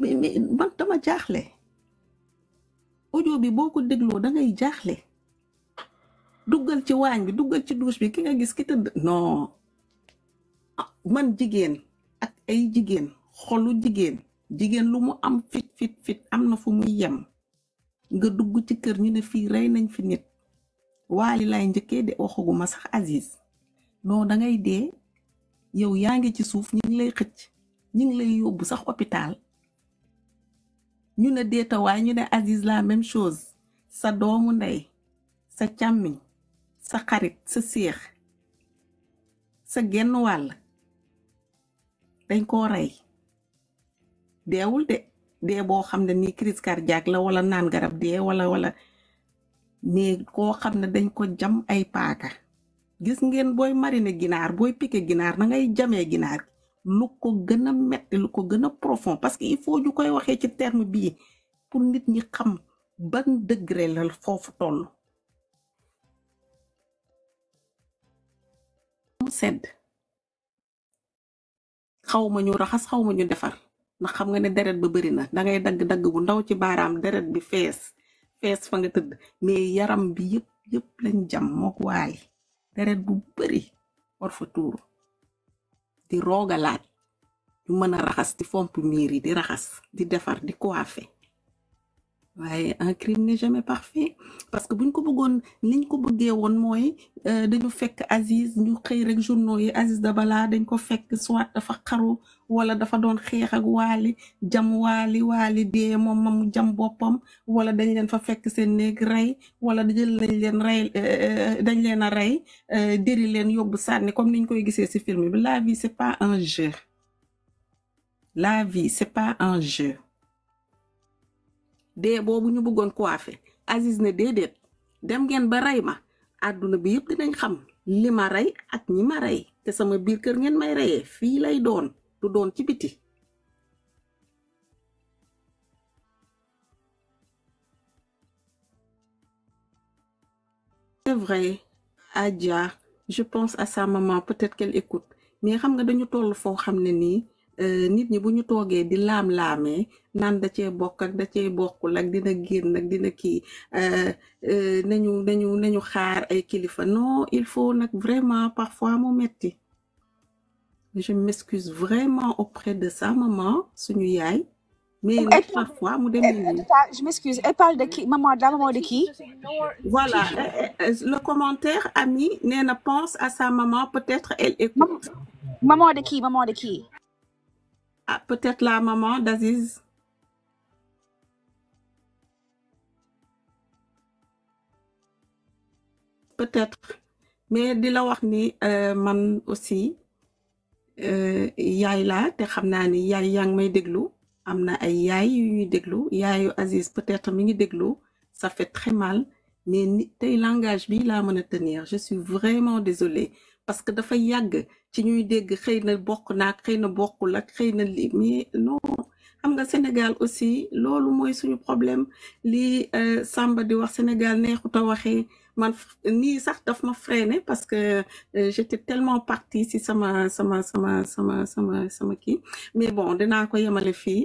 mais mais man dama jaaxle audio bi boo ko dégloo dangay ngay jaaxle duggal ci waañ bi duggal ci duus bi ki nga gis ki tëdd noo ah, man jigéen ak ay jigéen xolu jigéen jigéen lu mu am fit fit fit am na fu muy yem nga dugg ci kër ñu ne fii rey nañ fi nit waali laay njëkkee de waxaguma sax Aziz non da dee yow yaa ngi ci suuf ñu lay xëcc ñu ngi lay yóbbu sax hôpital ñu ne déeta waaye ñu ne Aziz la même chose sa doomu ndey sa càmmiñ sa xarit sa séex sa genn wàll dañ koo rey deewul de dee boo xam ne nii crise cardiaque la wala naan garab dee wala wala mais koo xam ne dañ ko jam ay paaka gis ngeen booy marine ginaar booy piquer ginaar na ngay jamee ginaar lu ko gën a metti lu ko gën a profond parce que il faut ñu koy waxee ci terme bii pour nit ñi xam ba degré la foofu toll. mu sedd xaw ma ñu raxas xaw ma ñu defar ndax xam nga ne deret ba bëri na da dagg dagg bu ndaw ci baaraam deret bi fees fees fa nga tëdd mais yaram bi yëpp yëpp lañ jam mook waali deret bu bëri war fa tuuru. di roogalaat ñu mën a raxas di fomp miir yi di raxas di defar di coiffé un crime n'est jamais parfait parce que buñ ko ko euh, dañu fekk Aziz ñu rek journaux Aziz Dabala dañ ko fekk soit dafa xaru wala dafa doon xex ak wali jam wali wali jam bopam wala dañ leen fa fekk sen wala leen dañ leen euh, euh, comme niñ koy film la vie c'est pas un jeu la vie c'est pas un jeu dee boobu ñu bëggoon coiffé Aziz ne déedéet dem ngeen ba ray ma àdduna bi yëpp dinañ xam li ma rey ak ñi ma rey te sama biir kër ngeen may reyee fii lay doon du doon ci biti c'est vrai Adja je pense à sa maman peut-être qu'elle écoute mais xam nga dañu toll foo xam ne euh, nit ñi bu ñu toogee di laam-laamee naan da cee bokk ak da cee bokkul ak dina génn ak dina kii euh, euh, nañu nañu nañu xaar ay kilifa non il faut nag vraiment parfois mu metti je m'excuse vraiment auprès de sa maman suñu yaay mais parfois mu dem nii je m'excuse elle parle de qui maman de la maman de qui voilà le commentaire ami nee na pense à sa maman peut-être elle écoute maman de qui maman de qui ah, peut-être la maman d'Aziz. Peut-être. Mais de la wax ni euh, man aussi euh, yaïla là, te xamna ni yaay yang may déglu amna ay yu déglu Aziz peut-être mi ngi ça fait très mal mais ni langage bi la tenir je suis vraiment désolée parce que dafa yag, ci ñuy dégg xeyna na bokk na bokkul ak xëy na li mais non xam nga Sénégal aussi loolu mooy suñu problème lii euh, Samba di wax Sénégal neexut ta waxee man ni sax daf ma freiné parce que euh, j'étais tellement partie si sama sama sama sama sama sama ki mais bon dinaa ko yemale fii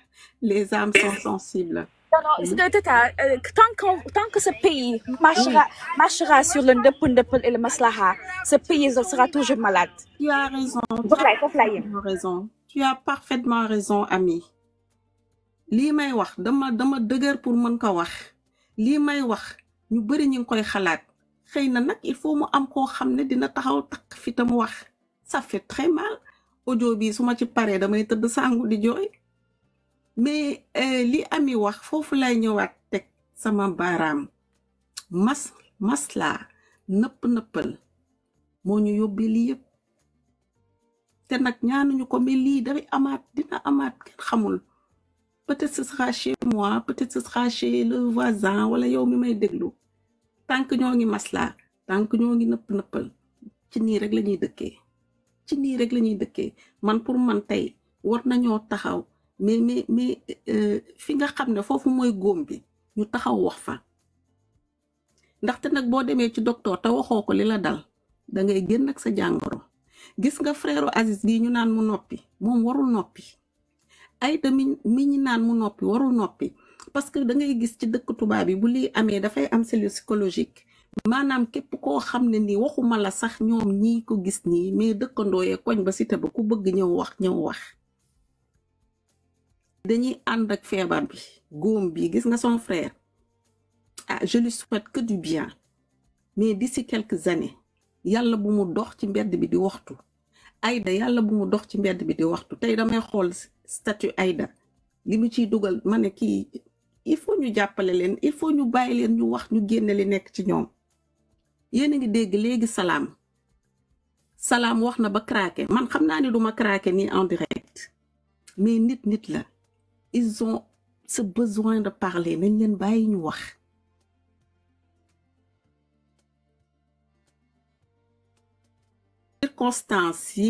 les âmes sont sensibles. Euh, tant, tant que ce pays marchera, marchera sur le ndep et le maslaha, ce pays sera toujours malade. Tu as raison. Tu as raison. Tu as parfaitement raison, ami. Li may wax dama dama deuguer pour mën ko wax nous may wax ñu bëri ñing koy xalat. Xeyna nak il faut mu am ko de dina taxaw tak fitam wax ça fait très mal audio bi suma ci paré damay teud sangu di joie. mais euh, li ami wax foofu lay ñëwaat teg sama baaraam mas maslaa nëpp nëppal moo ñu yóbbee lii yëpp te nag ñaanuñu ko mais lii dafay amaat dina amaat kenn xamul peut-être ce sera chez moi peut-être ce sera chez le voisin wala yow mi may déglu tànk ñoo ngi maslaa tànk ñoo ngi nëpp nëppal ci nii rek la ñuy dëkkee ci nii rek la ñuy dëkkee man pour man tey war nañoo taxaw mais mais mais e, fi nga xam ne foofu mooy góom bi ñu taxaw wax fa ndaxte nag boo demee ci docteur te waxoo ko li la dal da ngay génn ak sa jàngoro gis nga frère Aziz bii ñu naan mu noppi moom warul noppi ay tamit mi ñu naan mu noppi warul noppi parce que da ngay gis ci dëkk tubaab yi bu lii amee dafay am cellule psychologique maanaam képp koo xam ne ni waxuma la sax ñoom ñii ko gis nii mais dëkkandoo yee koñ ba si te ba ku bëgg ñëw wax ñëw wax. dañuy and ak feebar bi góom bi gis nga son frère ah je lui souhaite que du bien mais d'ici quelques années yàlla bu mu dox ci mbedd bi di waxtu Aïda yàlla bu mu dox ci mbedd bi di waxtu tey damay xool statut Aïda li mu ciy dugal ma il faut ñu jàppale leen il faut ñu bàyyi leen ñu wax ñu génne li nekk ci ñoom yéen a ngi dégg léegi salaam salaam wax na ba craqué man xam ni du ma craqué en direct mais nit nit la ils ont ce besoin de parler nañ ne bàyyi ñu wax circonstance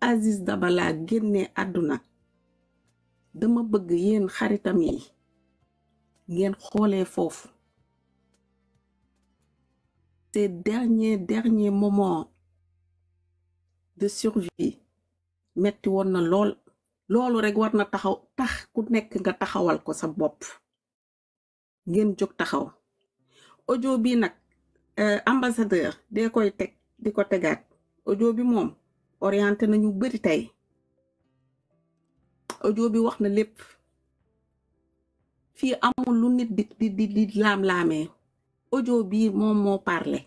Aziz Dabala génnee aduna. dama bëgg yéen xaritam yi ngeen xoolee ces derniers derniers moments de survie metti woon na lol loolu rek war na taxaw tax ku nekk nga taxawal ko sa bopp ngeen jog taxaw audio bi nag euh, ambassadeur de koy teg di ko tegaat audio bi moom orienté nañu bëri tey audio bi wax na lépp fii amul lu nit di di di laam-laamee audio bi moom parler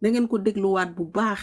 da ngeen ko dégluwaat bu baax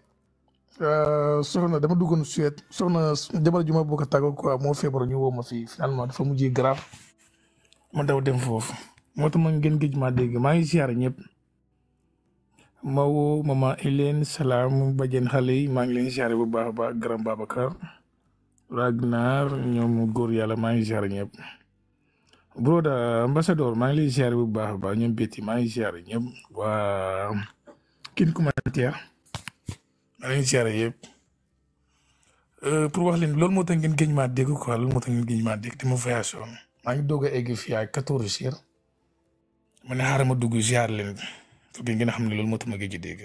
Euh, soxna dama duggoon Suède soxna jabar ju ma bëgg a tàggu quoi moo feebar ñu woo ma fii finalement dafa mujjee grave ma daw dem foofu moo tax ma ngeen géej maa dégg maa ngi siyaare ñëpp ma woo mama maa ngi leen siyaare bu baax a baax grand Babacar Ragnar ñoom góor yàlla maa ngi siyaare ñëpp broda maa ngi lay siyaare bu baax a baax ñoom maa ngi siyaare ñëpp waa kin commentaire maa ngi euh, pour wax leen loolu moo tax ngeen gëj maa dégg quoi loolu moo tax ngeen gëj maa maa ngi doog a egg fii à quatorze heures ma ne xaaral ma dugg ziar leen pour ngeen xam ne loolu moo ma gëj a dégg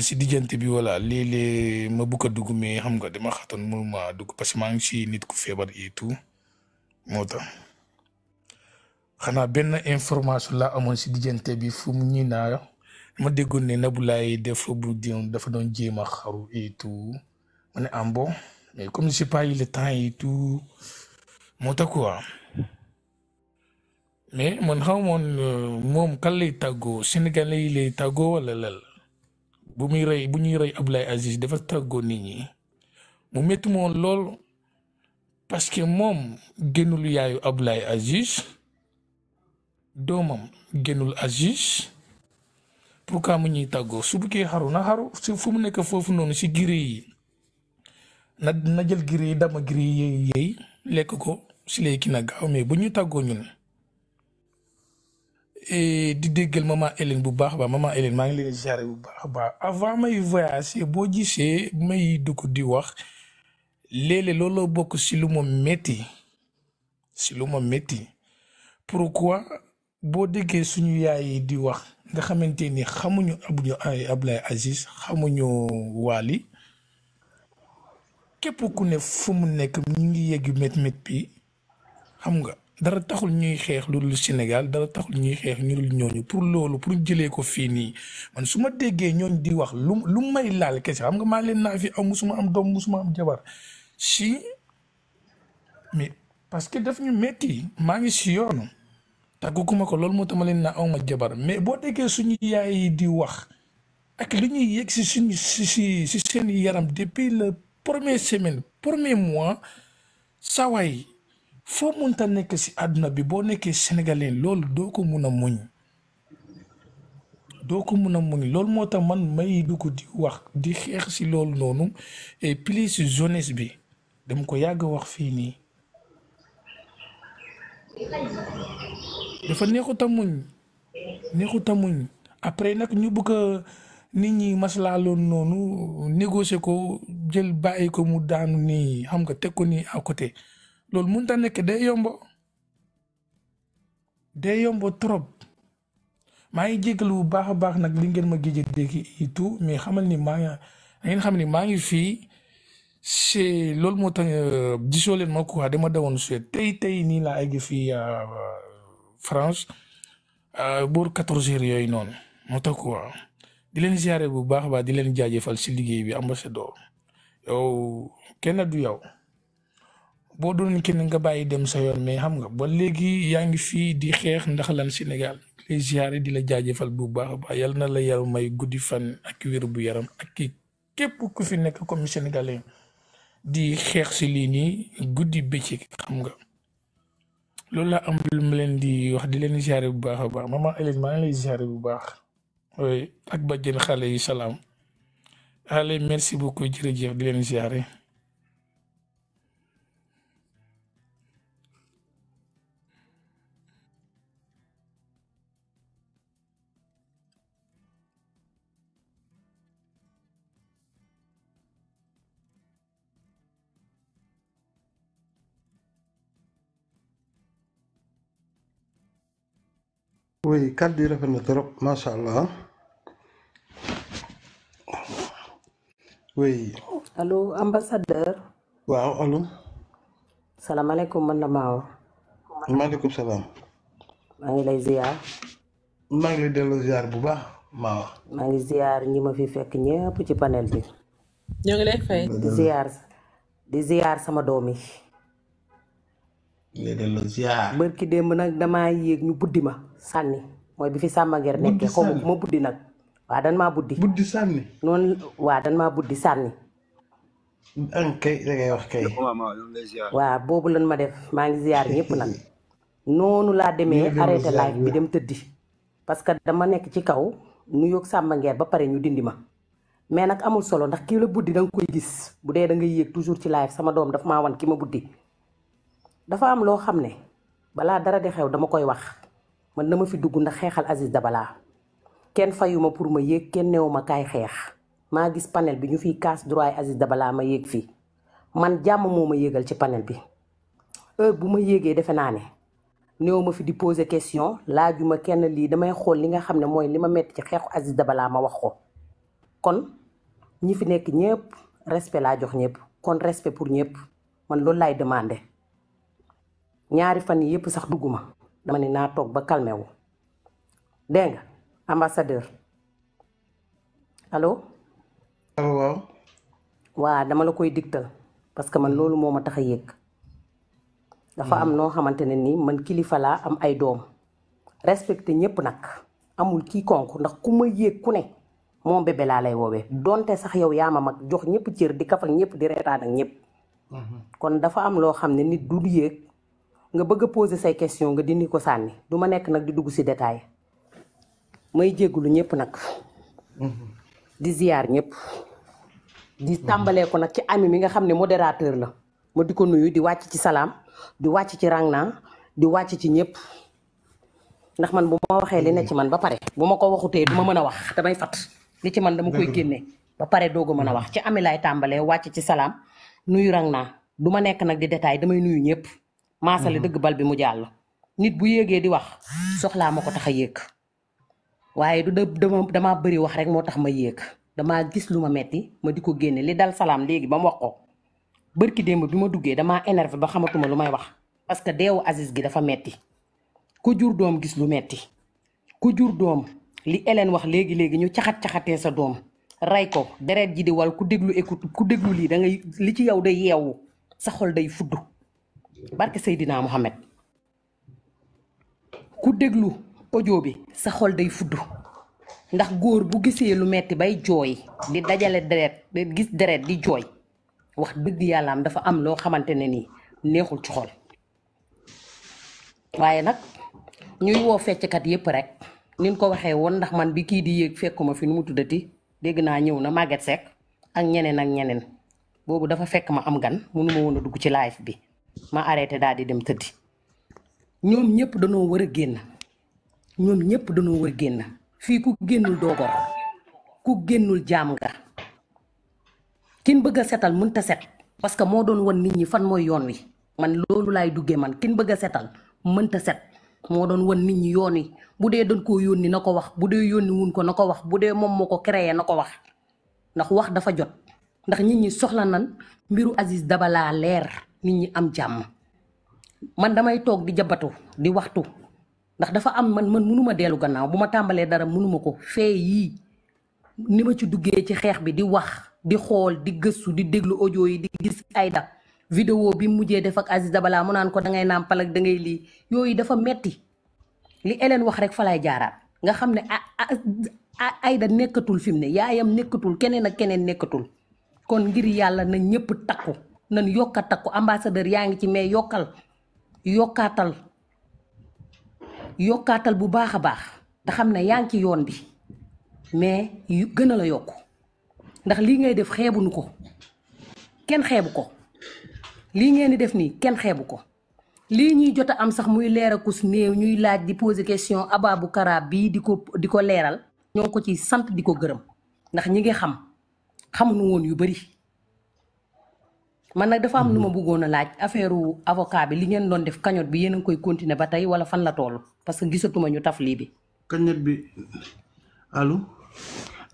si diggante bi voilà léeg-léeg ma bëgg a dugg mais xam nga dama xatoon mënu ma dugg parce que maa ngi si nit ko feebar et tout moo tax xanaa benn information laa amoon si diggante bi fu mu ma déggoon na Naboulaye def bu diom dafa doon jéem a xaru et tout ma ne am ah bon mais comme si n'ai pas le temps et tout moo tax quoi mais man xam moon euh, moom kan lay tàggoo Sénégalais yi lay lal bu muy rey bu ñuy rey Abdoulaye Aziz dafa tàggoo nit ñi mu métti moon lool parce que moom génnul yaayu Abdoulaye Aziz doomam génnul Aziz pourquoi mu ñuy tàggoo su bukkee xaru na xaru si fu mu nekk foofu noonu si giri yi na jël giri yi dama giri yi yeey lekk ko si léegi na gaaw mais bu ñu tàggoo ñun e, di déggal maman Hélène bu baax ba maman Hélène maa ngi leen di bu baax baax avant may voyager boo gisee may dugg di wax léeg-léeg looloo bokk si lu ma métti si lu ma métti pourquoi boo déggee suñu yaay yi di wax. nga xamante ni xamuñu Abdou Abdoulaye Aziz xamuñu Waly képp ku ne fu mu nekk ñu ngi yegg yu mét bi xam nga dara taxul ñuy xeex lu dul Sénégal dara taxul ñuy xeex ñu dul ñooñu pour loolu pour jëlee ko fii nii man su ma déggee ñooñu di wax lu lu may laal kese xam nga maa leen naa fi am musuma am doom musuma am jabar si mais parce que daf ñu metti maa ngi si yoonu. tàgguguma ko loolu moo tax ma leen naa awma jabar mais boo déggee suñu yaay yi di wax ak li ñuy yegg si suñu si si si seen yaram depuis le premier semaine premier mois sawaay foo munta nekk si àdduna bi boo nekkee sénégalais loolu doo ko mun a muñ doo ko mun a muñ loolu moo tax man may dugg di wax di xeex si loolu noonu et plus jeunesse bi dama ko yàgg wax fii nii dafa neexut a muñ neexut a muñ après nag ñu bëgg a nit ñi maslaa loon noonu négocier ko jël bàyyi ko mu daanu nii xam nga teg ko nii à côté loolu mënut a nekk day yombo day yombo trop maa ngi jégalu bu baax a baax nag li ngeen ma géej a dégg tout mais xamal xam ni maa ngi fii. c'est lol mo tax gisoo eh, leen ma quoi dama dawon Suède tey tey ni la egg fi eh, France eh, booru quatorze heures yooyu noonu moo tax quoi di len ziaré bu baax ba di leen jaajëfal ci liguey bi ambassadeur yow kenn du yow do ni kenn nga bàyyi dem sa yoon mais xam nga ba légui yaangi fi fii di xex ndax lan Sénégal les ziaré di la jaajëfal bu baax ba la may goudi fan ak wir bu yaram ak képp ku fi nek comme sénégalais. di xeex si lii nii guddi bëccëg xam nga loolu laa am lu mu leen di wax di leen ziare bu baax a baax maman Hélène maa ngi lay ziare bu baax ak bàjjen xale yi salaam allez merci beaucoup jërëjëf di leen ziare. ويكدر بنضرب kan ما شاء allah oui allo ambassadeur waaw allo salaamaaleykum man la Maawa maaleykum salaam maa ngi lay ziar maa ngi lay delloo ziar bu baax Maawa maa ngi ziar ñi ma fi fekk ñëpp ci panel bi ñoo ngi lay fay di ziar di ziar sama doom yi lay delloo ziar barki démb nag damaa yéeg ñu buddi ma sànni mooy bi fi sàmmangeer nekkee xaw ma buddi nag waa dan maa buddi buddi sànni waa dan maa buddi sànni boobu lan ma def maa ngi ziyaar ñëpp nag noonu laa demee arrêté live bi dem tëddi parce que dama nekk ci kaw nu yoog sàmmangeer ba pare ñu dindi ma mais nag amul solo ndax kii la buddi da nga koy gis bu dee da ngay yéeg toujours ci live sama doom dafa maa wan ki ma buddi dafa am loo xam ne balaa dara di xew dama koy wax man dama fi dugg ndax xeexal Aziz Dabala kenn fayuma pour ma yéeg kenn newuma kaay xeex maa gis panel bi ñu fi kaas droit Aziz Dabala ma yéeg fi man jàmm moo ma yéegal ci panel bi heure bu ma yéegee defe naa ne newuma fi di poser question laajuma kenn lii damay xool li nga xam ne mooy li ma metti ci xeexu Aziz Dabala ma wax ko kon ñi fi nekk ñëpp respect laa jox ñëpp kon respect pour ñëpp man loolu laay demandé ñaari fan yi yëpp sax dugguma dama ne naa toog ba calmé wu dégg nga ambassadeur allo. allo waaw. waa dama la koy digtal parce que man loolu moo ma tax a yéeg. dafa am noo xamante ne ni man kilifa laa am ay doom. respecté ñëpp nag amul kii konk ndax ku ma yéeg ku ne moom bébé laa lay woowee donte sax yow yaa ma mag jox ñëpp cër di kaf ak ñëpp di reetaan ak ñëpp. Mhm. kon dafa am loo xam ne nit du yéeg nga bëgg a poser say question nga dindi ko sànni du ma nekk nag di dugg si détail may jéggulu ñëpp nag. di ziyaar ñëpp. di tàmbalee ko nag ci ami mi nga xam ne modérateur la. ma di ko nuyu di wàcc ci salaam di wàcc ci rang di wàcc ci ñëpp ndax man bu ma waxee li ci man ba pare. bu ma ko waxutee du ma mën a wax damay fat li ci man dama koy génne. ba pare doogu mën a wax ci ami laay tàmbalee wàcc ci salaam nuyu rang naa du ma nekk nag di détail damay nuyu ñëpp. maasale mhm. dëgg bal bi mu jàll. nit bu yéegee di wax soxlaa ma ko tax a yéeg waaye du dama damaa bëri wax rek moo tax ma yéeg dama gis lu ma metti ma di ko génne li dal salaam léegi ba mu wax ko bërki démb bi ma duggee damaa énervé ba xamatuma lu may wax parce que deewu Aziz gi dafa metti ku jur doom gis lu metti ku jur doom li Hélène wax léegi léegi ñu caxat caxatee sa doom rey ko deret ji di wal ku déglu écoute ku déglu lii da ngay li ci yow day yeewu sa xol day fudd barke seydinaa Mohamed ku déglu audio bi sa xol day fudd ndax góor bu gisee lu metti bay jooy di dajale deret di gis deret di jooy wax dëgg yàllaam dafa am loo xamante ne nii neexul ci xol waaye nag ñuy woo fecckat yépp rek nin ko waxee woon ndax man bi kii di yéeg fekkuma fi nu mu tuddati dégg naa ñëw na Maguette Seck ak ñeneen ak ñeneen boobu dafa fekk ma am gan mënuma woon a dugg ci live bi ma arrêté daal di dem tëddi ñoom ñëpp danoo war a génn ñoom ñëpp danoo war a génn fii ku génnul doo gor ku génnul jaam nga kin bëgg a setal mënta set parce que moo doon won nit ñi fan mooy yoon wi man loolu laay duggee man bëgg a setal mënta set moo doon won nit yoon wi bu dee doon koo yónni na ko wax bu dee yónni wun ko na ko wax bu dee moom moo ko créer na ko wax ndax wax dafa jot ndax nit ñi soxla nan mbiru Aziz Dabala leer nit ñi am jamm man damay tok di jabatu di waxtu ndax dafa am man man mënuma dellu gannaaw Buma tambalé dara mënuma ko fee yi ni ma ci duggé ci xeex bi di wax di xol di gëstu di déglu audio yi di gis ay video vidéo bi mujjé def ak Aziz Dabala mu nan ko ngay nampal ak dafa metti li elen wax rek falay lay jaaraat nga xamné ne Aïda nekkatul fi ne yaayam nekkatul kenen ak kenen nekkatul kon ngir yalla na ñepp takku nan yokk a takku ambassadeur yaa ngi ci mais yokkal yokkaatal yokkaatal bu baax a baax te na ne yaa ngi ci yoon bi mais gën a la yokk ndax lii ngay def xeebuñu ko kenn xeebu ko lii ngeen di def nii kenn xeebu ko lii ñuy jot am sax muy leer akus néew ñuy laaj di poser question Ababou Kara bii di ko di ko leeral ñoo ngi ko ci sant di ko gërëm ndax ñi ngi xam xamuñu woon yu bari man na dafa am lu ma mhm. bëggoon a laaj affaire avocat bi li ngeen doon def cagnotte bi yéen a koy continé ba tey wala fan la toll parce que gisatuma ñu taf lii bi. cagnotte bi allo.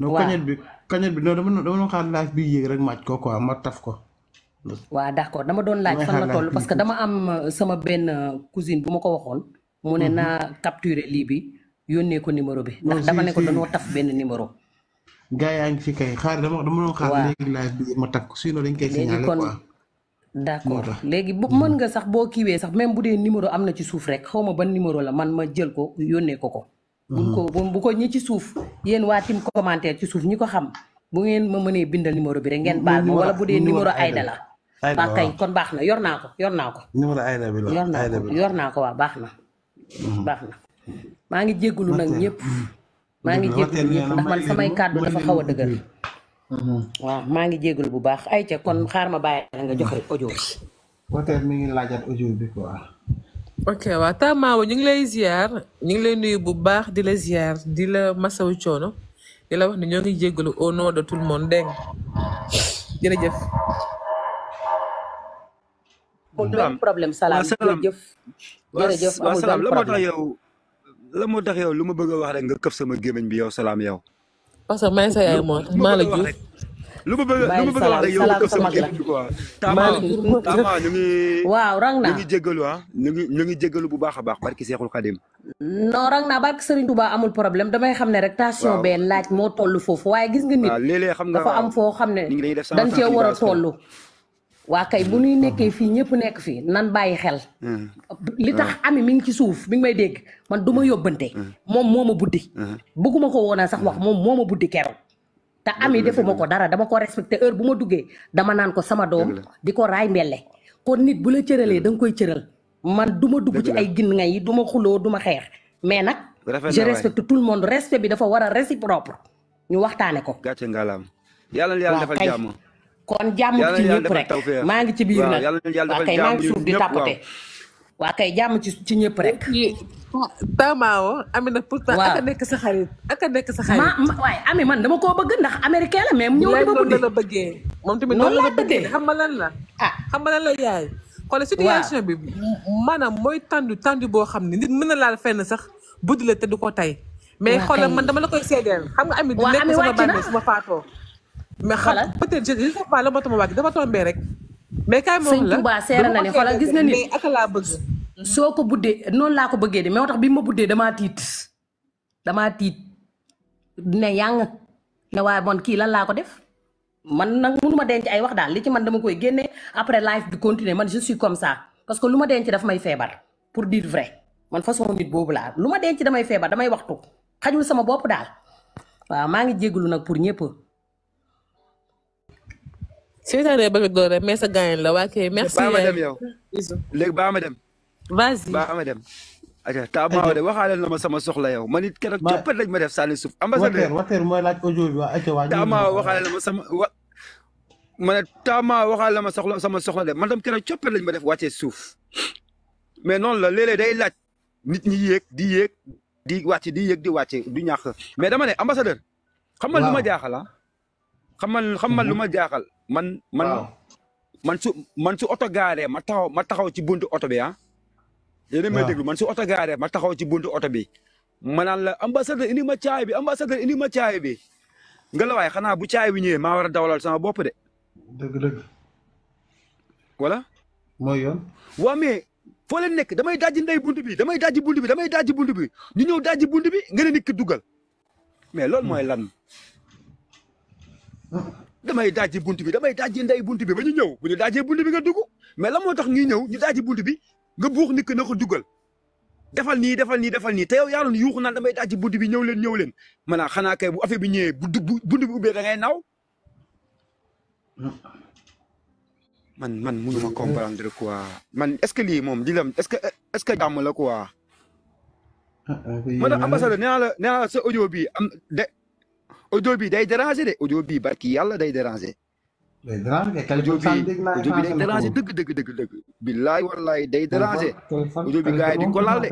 waaw non bi cagnotte bi non dama dama doon xaar laaj bi yéeg rek màcc ko quoi ma taf ko. waaw d'accord dama doon laaj fan la toll parce que dama am euh, sama benn euh, cousine bu ma ko waxoon. mu ne naa mhm. capturer lii bi yónnee ko numéro bi. ndax dama ne ko dañoo taf benn numéro. gaa yaa ngi fi kay xaar dama dama doon xaar. waaw léegi laaj bi ma taf ko sinon dañ koy signaler quoi. d' accord léegi bu mm-hmm. mën nga sax boo kiiwee sax même bu dee numéro am na ci suuf rek xaw ma ban numéro la man ma jël ko yónnee ko ko. buñ mm-hmm. ko bu ko ñi ci suuf yéen waa tim commentaire ci suuf ñi ko xam bu ngeen ma mënee bindal numéro bi rek ngeen baal ma wala bu dee numéro Aïda la. Aïda waaw kay kon baax na yor naa ko yor naa ko. numéro Aïda bi la yor naa ko yor naa ko waaw baax na. Mm-hmm. baax na maa ngi jégalu nag ñëpp. maa ngi jégalu ñëpp ndax man samay kàddu dafa xaw a dëgër. Mm-hmm. waaw maa ngi jégalu bu baax ay ca kon xaar ma bàyyi nga joxe audio bi. peut-être mi ngi laajaat audio bi quoi. ok waaw Tamawo ñu ngi lay ziar ñu ngi lay nuyu bu baax di la ziar di la masawu coono di la wax ne ñoo ngi jégalu au nom de tout le monde dégg jërëjëf. amul problème salaam la moo tax yow la moo tax yow lu ma bëgg a wax rek nga këf sama gémmiñ bi yow salaam yow. parce que may sa yaay moo tax maa la jur lu ma bëgg lu ma bëgg wax rek yow ko sama képp quoi taama taama ñu ngi waaw rang naa ñu ngi jégalu ah ñu ngi ñu ngi jégalu bu baax a baax barki Seexul Xadim non rang naa barki Sëriñ Tuubaa amul problème damay xam ne rek tension bee laaj moo toll foofu waaye gis nga nit léeg-léeg xam nga dafa am foo xam ne dañ cee war a toll wa kay bu ñuy nekké fi ñepp nekk fi nan bàyyi xel. Hmm. li tax hmm. ami mi ngi ci suuf mi ngi may dégg man duma yobante mom hmm. moma buddi. bëgguma ko wona sax wax mom moma buddi kéro ta ami defuma ko dara dama ko respecté heure buma duggé dama nan ko sama doom. diko ray mbélé kon nit bu la cëralé dang koy cëral. man duma dugg ci ay gin ngay duma xulo duma xuloo mais nak je respecte tout le monde respect bi dafa wara réciproque. ñu waxtané ko. gatché ngalam yalla na defal jamm kon jàmm ci ñëpp rek maa ngi ci biir nag waa kay maa ngi suuf di tàppate waa kay jàmm ci ci ñëpp rek. Tamaawo Amina pourtant aka nekk sa xarit aka nekk sa xarit. ma waaye man dama koo bëgg ndax américain la mais ñëw dama buddi la bëggee. moom tamit noonu la bëggee xam ah. xam nga la yaay. xool situation maanaam mooy tàndu tàndu boo xam ne nit mën na laal fenn sax buddi la te du ko tey. mais xoolal man dama la koy seedeel xam nga ami du nekk sama bànneex su ma faatoo mais xam peut-être je li tax la ma tombé waaj dafa tombé rek. mais kaay ma wax la sëñ Touba seera na ne xoolal gis nga ni mais ak laa bëgg. soo ko buddee noonu laa ko bëggee de mais moo tax bi ma buddee damaa tiit damaa tiit ne yàng ne waaye bon kii lan laa ko def man nag mënuma denc ay wax daal li ci man dama koy génne après live bi continuer man je suis comme ça parce que lu ma denc daf may feebar pour dire vrai man façon nit boobu laa lu ma denc damay feebar damay waxtu xajul sama bopp daal waaw maa ngi jégalu nag pour ñëpp. seytaane bëgg doole mais sa gaañ la waa kay merci baax ma dem yow léegi baax ma dem vas-y baax ma dem aja ta maa de waxaaleel na ma sama soxla yow man it keroog cëppat lañ ma def sànni suuf ambassadeur waxteer mooy laaj audio bi waa aca waa ta maa waxaaleel na ma sama wa ma ne ta maa waxaaleel na ma soxla sama soxla de man tam keroog cëppat lañ ma def wàccee suuf mais noonu la léeg-léeg day laaj nit ñi yéeg di yéeg di wàcc di yéeg di wàcc du ñàkk mais dama ne ambassadeur xamal lu ma jaaxal ah xamal xamal lu ma jaaxal man man man su man su oto gaaree ma taxaw ma taxaw ci buntu oto bi ah. yéen may déglu man su oto gaaree ma taxaw ci buntu oto bi. ma naan la ambassadeur indi ma caay bi ambassadeur indi ma caay bi. nga la xanaa bu caay bi ñëwee maa war a dawalal sama bopp de. dëgg mooy yoon. waa mais foo leen nekk damay dajji ndey buntu bi damay dajji buntu bi damay dajji buntu bi ñu ñëw dajji buntu bi nga ne nit dugal. mais loolu mooy lan. Hmm. damay dajji bunt bi damay dajji ndey bunt bi ba ñu ñëw bu ñu dajjee bunt bi nga dugg mais la moo tax ñuy ñëw ñu dajji bunt bi nga buux nit ki na ko defal nii defal nii defal nii te yow yaa doon yuuxu naan damay dajji bunt bi ñëw leen ñëw leen maanaam xanaa kay bu affaire bi ñëwee bu dugg bunt bi ubbee da ngay naaw man man mënu ma comprendre quoi man est-ce que lii moom di lam est-ce que est-ce que jàmm la quoi. ah ah oui la nee naa bi audio bi day déranger de audio bi barki yàlla day déranger. day déranger dëgg dëgg dëgg dëgg. billaay wallaay day déranger. audio bi di ko laal de.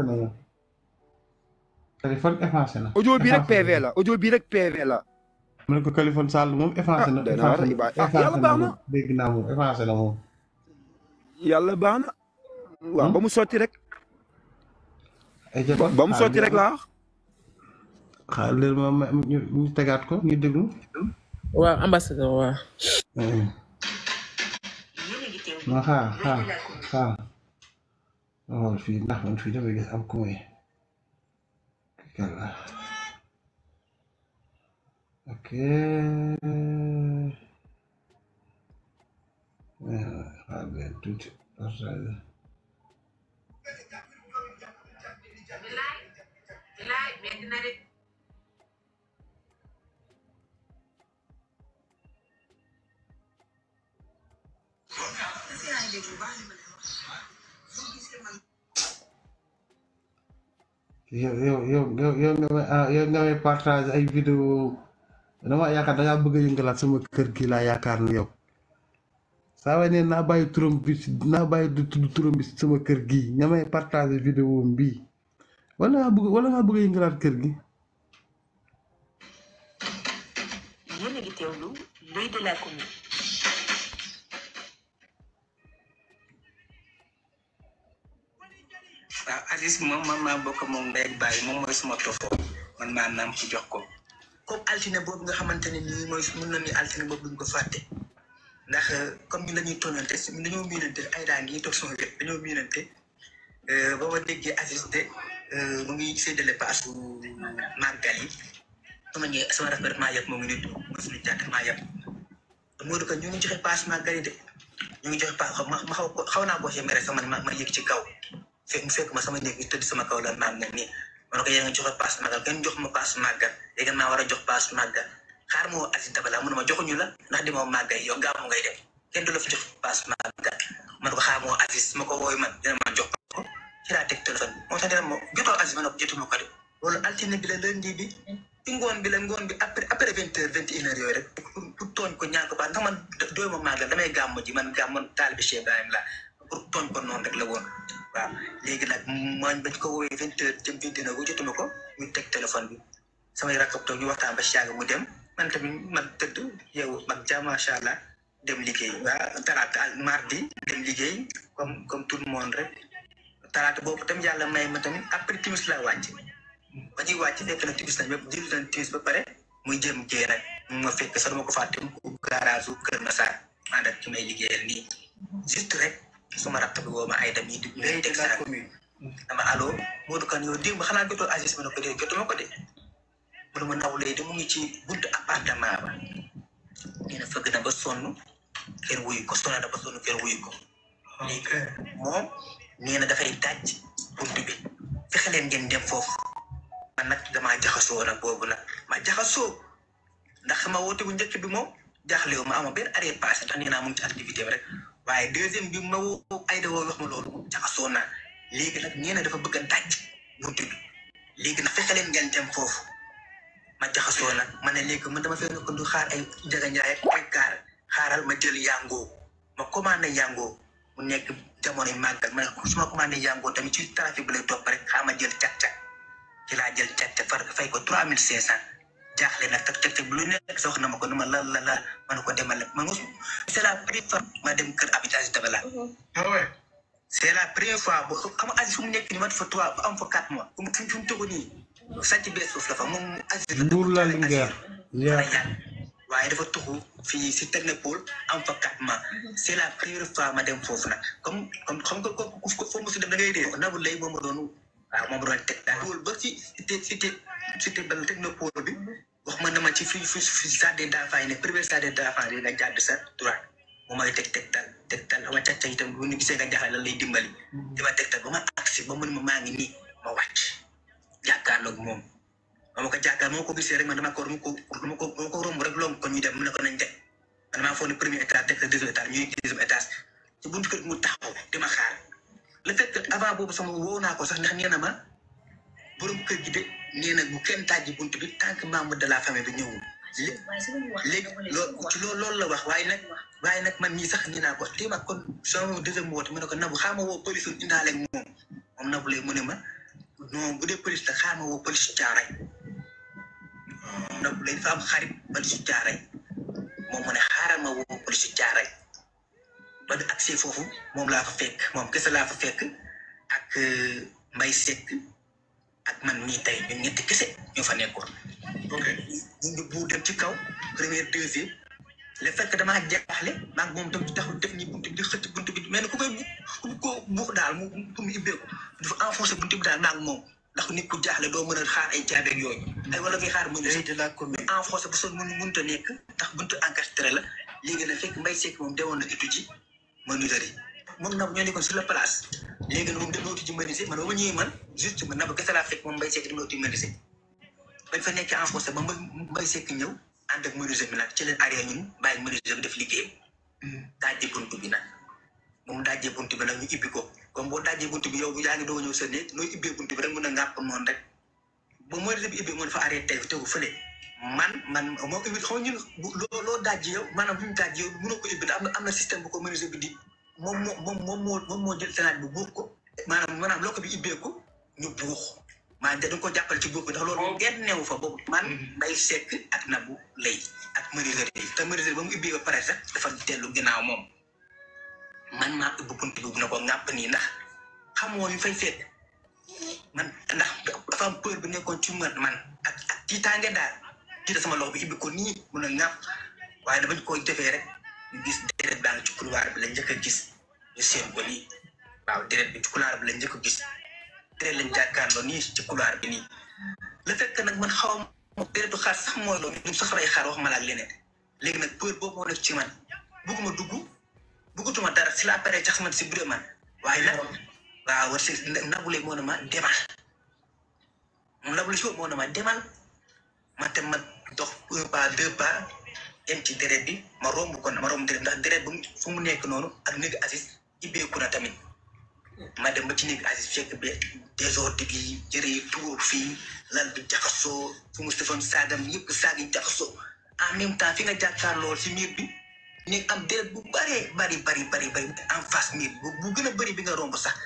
téléphone na. audio bi rek PV la ah, ah, hmm? rek PV la. mu ko téléphone Sall moom effacé na. effacé na yàlla baax na yàlla baax na. sotti rek. ba sotti rek laa. xaar leen ma ma ñu tegaat ko ñu déglu. waaw ambassadeur waaw. ma xaar xaar xaar ma xool fii ndax man fii dafay gis am ku may kala ok xaar leen tuuti mais dina rek yow yow yow yow yow nga may yow nga may partage ay vidéo eh, gitu. dama yaakaar dangaa bëgg a yëngalaat ya, kan, sama kër gi laa yaakaar ni yow saa waay ne naa bàyyi turam bi naa bàyyi du tudd turam bi sama kër gi nga may partage vidéo wala bëgg wala ngaa bëgg a kër gi. yéen a ngi teewlu de la commune. Aziz moom man maa bokk moom ndey ak bàyyi moom mooy suma tofoo man maa naam jox ko comme altine boobu nga xamante ne nii mooy mun na ni altine boobu duñ ko fàtte ndax comme ñu lañuy tollante ñun dañoo miinante ay daa ngi toog sama wet dañoo miinante euh, ba ma déggee Aziz de euh, mu ngi séddale paasu màggal yi sama ñëw sama rafet maa yëpp moo ngi nit ma suñu jàtt maa yëpp ñu ngi joxe paas màggal yi ngi joxe paas ma xaw xaw naa ko si mere sama ma ci kaw fekk mu fekk ma sama néeg yi tëdd sama kaw la naan ne nii ma ne ko yaa ngi joxe paas màggal ngeen jox ma paas màggal léegi maa war a jox paas màggal xaar ma joxuñu la ndax di moo màggal yow gaamu ngay dem kenn du la fi jox paas màggal ma ne xaar moo Aziz ma ko ma jox ko ci teg téléphone bi moo tax dina ma jotoo de loolu altine bi la lundi bi ci ngoon bi la ngoon bi après après yooyu pour tooñ ko ñaan ma màggal damay gàmm ji man gàmm taalibe Cheikh la pour tooñ rek la woon waaw léegi nag man bañ ko woowee vingt heures jëm vingt heures bu jotuma ko muy teg téléphone bi samay rakab toog ñu waxtaan ba si yàgg mu dem man tamit man tëdd yow man jaa macha allah dem liggéey waa talaata mardi dem liggéey comme comme tout le rek talaata boobu tam yàlla may ma tamit après timis laa wàcc ba ñuy wàcc fekk na timis nañ yëpp jël nañ timis ba pare muy jëm géej nag ma fekk sax dama ko fàtte mu garage kër Massar ànd ak ki may liggéeyal nii juste rek. suma rakk bi ay dem yi di lay teg sa rakk dama allo Modou Kane yow dégg nga xanaa jotoo Aziz ma ne ko dee ko de mu ne ma ndaw lay de mu ngi ci buntu appartement ba fëgg na ba sonn kenn wuyu ko sonn na ko léegi moom nee na dafay tàcc buntu bi fexe leen ngeen dem foofu man nag damaa jaxasoo nag boobu nag ma jaxasoo ndax ma woote bu njëkk bi moom jaaxle wu ma amoon benn arrière passé ndax nee naa mu ngi ci activité rek waaye deuxième bi ma woo Aïda woo wax ma loolu jaxasoo na léegi nag ñeena dafa bëgg a daj buntu bi léegi na fexe leen ngeen dem foofu ma jaxasoo na ma ne léegi man dama fee ko du xaar ay jaganjaay ay kaar xaaral ma jël yàngoo ma commandé yàngoo mu nekk jamono yu màggal ma ne su ma commandé yàngoo tamit ci trafic bi lay topp rek xaar ma jël càq-càq ci laa jël càq-càq far fay ko trois mille cinq cent jaaxle nag teg teg lu nekk sox na ma ko nu ma la la la ma ne ko demal ma mos c'est la première fois ma dem kër habitation de la. c'est la première fois boo xam nga fu mu nekk nii ma fa trois ba am fa quatre mois fu mu fu mu tëgu nii sàcc bees foofu la fa moom. Mbour la Linguère waaye dafa tuxu fii si Technopole am fa quatre mois mhm. c'est la première fois ma dem foofu nag comme comme xam nga ko foo mosu dem da ngay dee. ndax bu lay moom doonu waaw moom doon teg daal. ba si si sitte ben technopole bi wax ma dama ci fi fi stade des dafay ne stade des dafay ne jadd sa droit mo may tek tek tal tek tal ama tek tek itam bu ñu gisee nga jaxal lan lay dimbali mm-hmm. dama tek tal ba ma ba mën ma ngi nii ma wàcc jàkkaarloog moom ma ko jàkkaar moo ko rek man dama ko dama ko dama ko dama ko rek lom ko ñu dem mu ko nañ dem dama foog ne premier étage tek deuxième étage ñuy deuxième ci buntu kër mu taxaw xaar le fait que avant sama ko sax ndax ma borom kër gi de nee na bu kenn tàjji bunt bi tant que membre de la famille bi ñëwul. léegi loo loolu la wax waaye nag waaye nag man mii sax nii naa ko lii ma kon sama deuxième woote ma ne ko nabu xaama woo police indaale moom ma non bu dee police la xaama woo police am xarit police jaaray moom mu ne foofu moom laa fa fekk moom kese laa fa fekk ak euh, mbay sekk ak man mii tey ñun ñetti kese ñoo fa nekkoon. ok ñu bu dem ci kaw première deuxième le fekk que damaa jaaxle maa ngi moom tam ci taxul def nii buntu bi di xëcc buntu bi mais ku daal mu pour mu ibbeeku dafa enfoncé buntu bi daal maa ngi moom ndax nit ku jaaxle doo mën a xaar ay caabi ak yooyu. ay wala ngay xaar mënuñu. léegi de la commune enfoncé bu soog mënu mënut a nekk ndax buntu encastré la léegi la fekk mbay sekk moom demoon na étude ji mënu moom nab ñoo nekkoon sur la place léegi nag moom dem na uti ji menuisier man ba ma ñëwee moom na uti menuisier ba Mbaye Seck ñëw ànd ak menuisier bi nag ci leen arrière ñun bàyyi menuisier bi def liggéeyam hmm. daajee yaa ngi doog a ñëw sa néeg nooy ibbee buntu a ngàpp noonu rek ba man na moo ko ibbi xaw loo loo daaj yow maanaam bu ñu daaj ibbi na am na système bu ko menuisier bi di moom moo moom moo moom moo jël Sénat bi buux ko maanaam maanaam loo ko bi ibbeeku ñu buux maanaam dañu ko jàppale ci buux bi ndax loolu oh. kenn neewu fa boobu man Mbaye mm-hmm. Seck ak Nabou Leye ak Marie Kheury te Marie Kheury ba mu ibbee ba pare sax dafa dellu ginnaaw moom man maa ubbi bunt bi na ko ŋàpp nii ndax xamoo ñu fay seet man ndax dafa am peur bi nekkoon ci man man ak ak tiitaange daal kii da sama loxo bi ibbi ko nii mun a ŋàpp waaye dama ñu ko defee rek ñu gis deret baa la njëkk a gis ñu seen ko nii waaw la njëkk a gis lañ jàkkaarloo nii ci couloir bi nii nag man xaw ma déretu xaar sax mooy loolu ñu sax wax ma la leneen léegi nag peur boobu ci man bugguma dugg buggutuma dara si la paree cax man si budee man waaye nag waaw war si moo ne ma demal moom nabule si moo ne ma demal man te ma dox pas deux pas yem ci deret bi ma romb ko ma romb deret ndax deret bu fu mu nekk noonu ak néeg Aziz ibbeeku na tamit ma dem ba ci néeg Aziz fekk ba désordre bi jëree tuur fii lan bi jaxasoo fu mu sëfoon saagam yëpp saag yi jaxasoo en même temps fi nga jàkkaarloo si miir bi nekk am deret bu bëree bari bari bari bari en face miir bu bu gën a bëri bi nga romb sax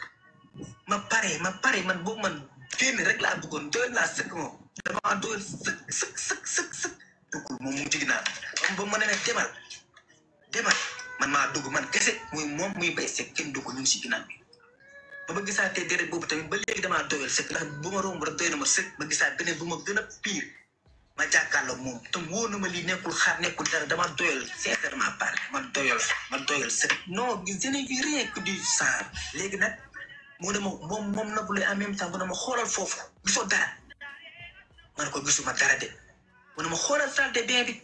ma pare ma pare man boobu man génn rek laa bëggoon doyal laa sëkk moom dama doyal sëkk sëkk sëkk sëkk duggul moom mu jig naan ba ma demal demal man maa dugg man kese muy moom muy bay sekk kenn dugg ñu ngi si ginnaaw bi ba ma gisaatee deret boobu tamit ba léegi damaa doyal sekk ndax bu romb rek doy ma sekk ba gisaat beneen bu ma pire ma jàkkaarloo moom te wóor na ma lii nekkul xaar nekkul dara dama doyal sincèrement parlé ma doyal ma doyal sekk non je n'ai vu rien que du sang léegi nag mu ne ma moom moom na bu en même temps mu ne ma xoolal foofu dara ma ne ko gisuma dara de mu ne ma xoolal salle de bain bi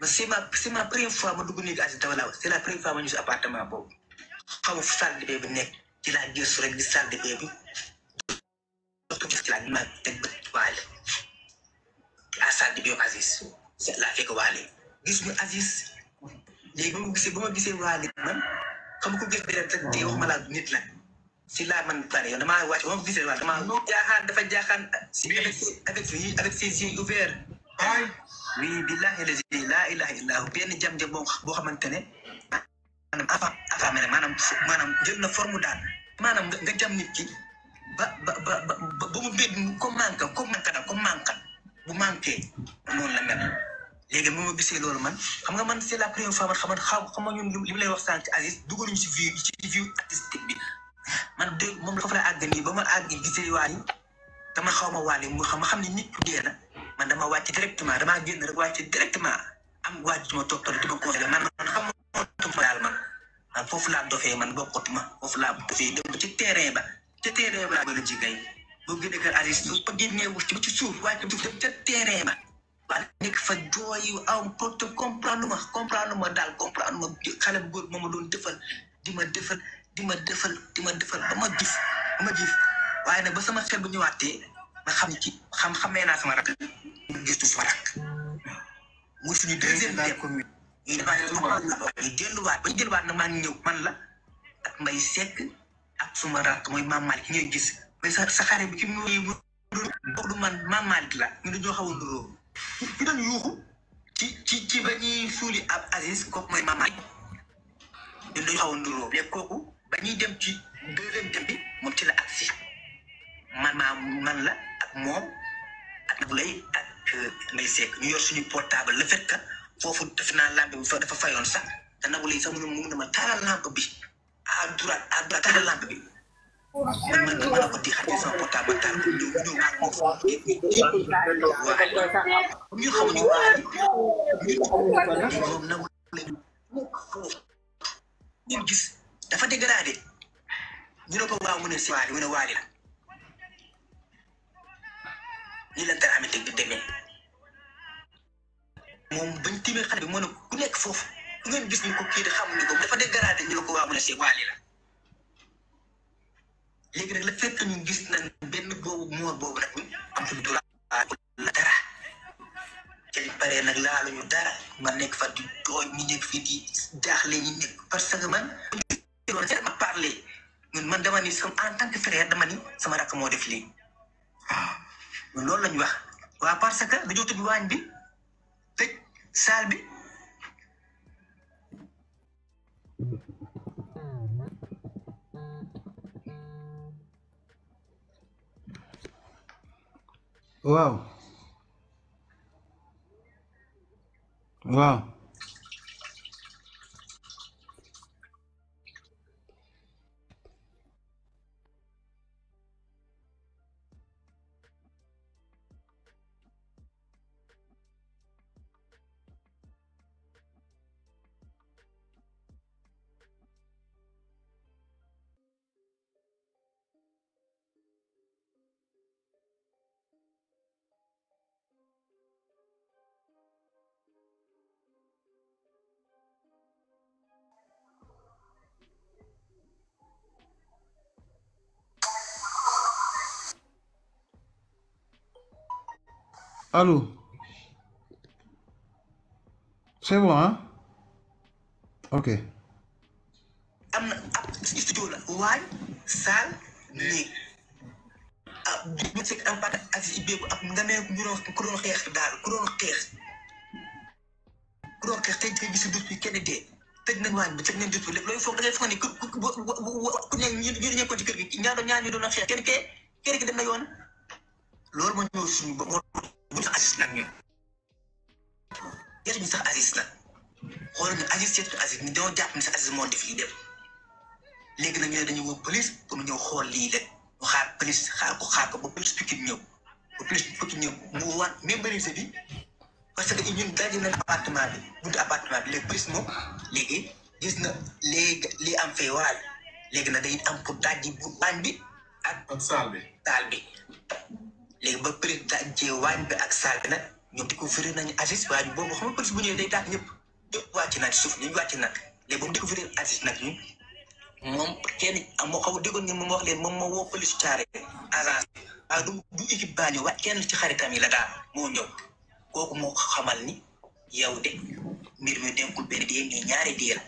ma c'est ma c'est ma première fois ma dugg néeg Aziz Dabala c'est la première fois nekk ci laa gëstu rek di salle de teg waale à salle de gis ñu Aziz léegi ma gisee ba ma gisee ko te waxuma laa nit la si laa man pare yow damaa wàcc jaaxaan dafa jaaxaan si avec ses yeux waay oui billahi lazi laa ilaha benn jam jam boo xamante ne maanaam afa afa mene maanaam maanaam jël na forme daal maanaam nga jam nit ki ba ba ba ba mu bég comme manque comme manque bu manqué noonu la mel léegi mo ma gisee loolu man xam nga man c'est la première fois man xam nga xam nga ñun li mu lay wax sànq Aziz dugaluñu si vue ci vue artistique bi man de moom la foofu la àgg nii ba ma àgg gisee waali dama xaw ma waale mu xam xam ni nit ku dee na man dama wàcc directement dama génn rek wàcc directement am waa ji ma toog toog di ma conseillé man man xam nga daal man man foofu laa dofee man bokkutuma foofu laa dofee dem ci terrain ba ca terrain ba laa bëgg a jigéen boo génnee kër Aziz ba génnee wu ci ci suuf wàcc suuf dem ca ma comprendre ma daal comprendre ma xale bu moom ma doon defal di ma defal di ma defal di ma defal ba ma gis ba ma gis waaye nag ba sama xel bu ñëwaatee ma xam ci xam xamee naa sama rakk. gëstu sama rakk. muy suñu deuxième dem commune. ñu delluwaat ba ñu delluwaat nag maa ngi ñëw man la ak Mbaye Seck ak suma rakk mooy Mame Malick ñooy gis mais sa sa bi ki mu mu la ñu dañoo xaw a nduroo ñu yuuxu ci ci ci ba ñuy suuli ab Aziz kooku mooy Mame Malick ñun dañoo xaw a nduroo kooku ba ñuy dem ci deuxième dem bi moom ci la agsi man maa man la moom Abdoulaye ak Ndeye Seck ñu yor suñu portable le fait foofu def naa lambe bi dafa mu ne mu ne ma taalal lampe bi à droite ko di xaajal sama portable taal ko ñëw ñëw ak moom waaw dafa dégradé ñu ne ko waaw mu ne si waali mu ne waali la nii la dara amee di demee moom bañ tiimee xale bi mën a ku nekk foofu ku ngeen gis ñu ko kii di xam ni ko dafa dégradé ñu ne ko waa mu ne si waali la léegi nag la fekk ñu gis nañ benn boobu moor boobu nag ñu am ci dura la dara ci ñu dara ma nekk fa fii di jaaxle ñu nekk parce que man ma parler man dama ni sama en tant que dama ni sama rakk moo def lii ah. loolu lañ wax waa parce que dañoo tëj waañ bi tëj saal bi waaw waaw Allô C'est bon, hein Ok. am na ab studio la waañ saal néeg ah bu seeg am pat ak si béeku ab ñu doon ku doon xeex daal ku doon xeex ku doon xeex tey gis dut bi kenn dee tëj nañ waañ bi tëj nañ dut bi lépp ne ku ci kër gi ñaar doon ñaar ñu doon xeex kenn kee kër gi dem na yoon loolu moo ñëw suñu ba moo bu ñu Aziz nag ñun sax Aziz nag xoolal ñu Aziz seetu Aziz ñu dañoo jàpp ne sax def lii léegi nag ñu ne woo police pour ñu ñëw xool lii lépp ñu xaar police xaar ko xaar ko ba police Pikine ñëw ba police Pikine ñëw mu waat mémorisé bi parce que ñun daje nañ appartement bi buntu appartement bi léegi police moom léegi gis na léegi lii am fee léegi nag day am pour daji bu baañ bi ak saal bi saal bi léegi ba président jee waañ bi ak saal bi nag ñoom découvrir nañu Aziz waaye ñu boobu xam nga police bu ñëwee day tax ñëpp ñëpp wàcc nañ suuf ñu wàcc nag léegi ba mu découvrir nag ñu moom kenn moo xaw a déggoon moom wax leen moom moo woo police caare agence waaye du du équipe baa ñu kenn ci xaritam yi la daal moo ñëw kooku moo xamal ni yow de mbir mi denkul benn dee ñaari dee la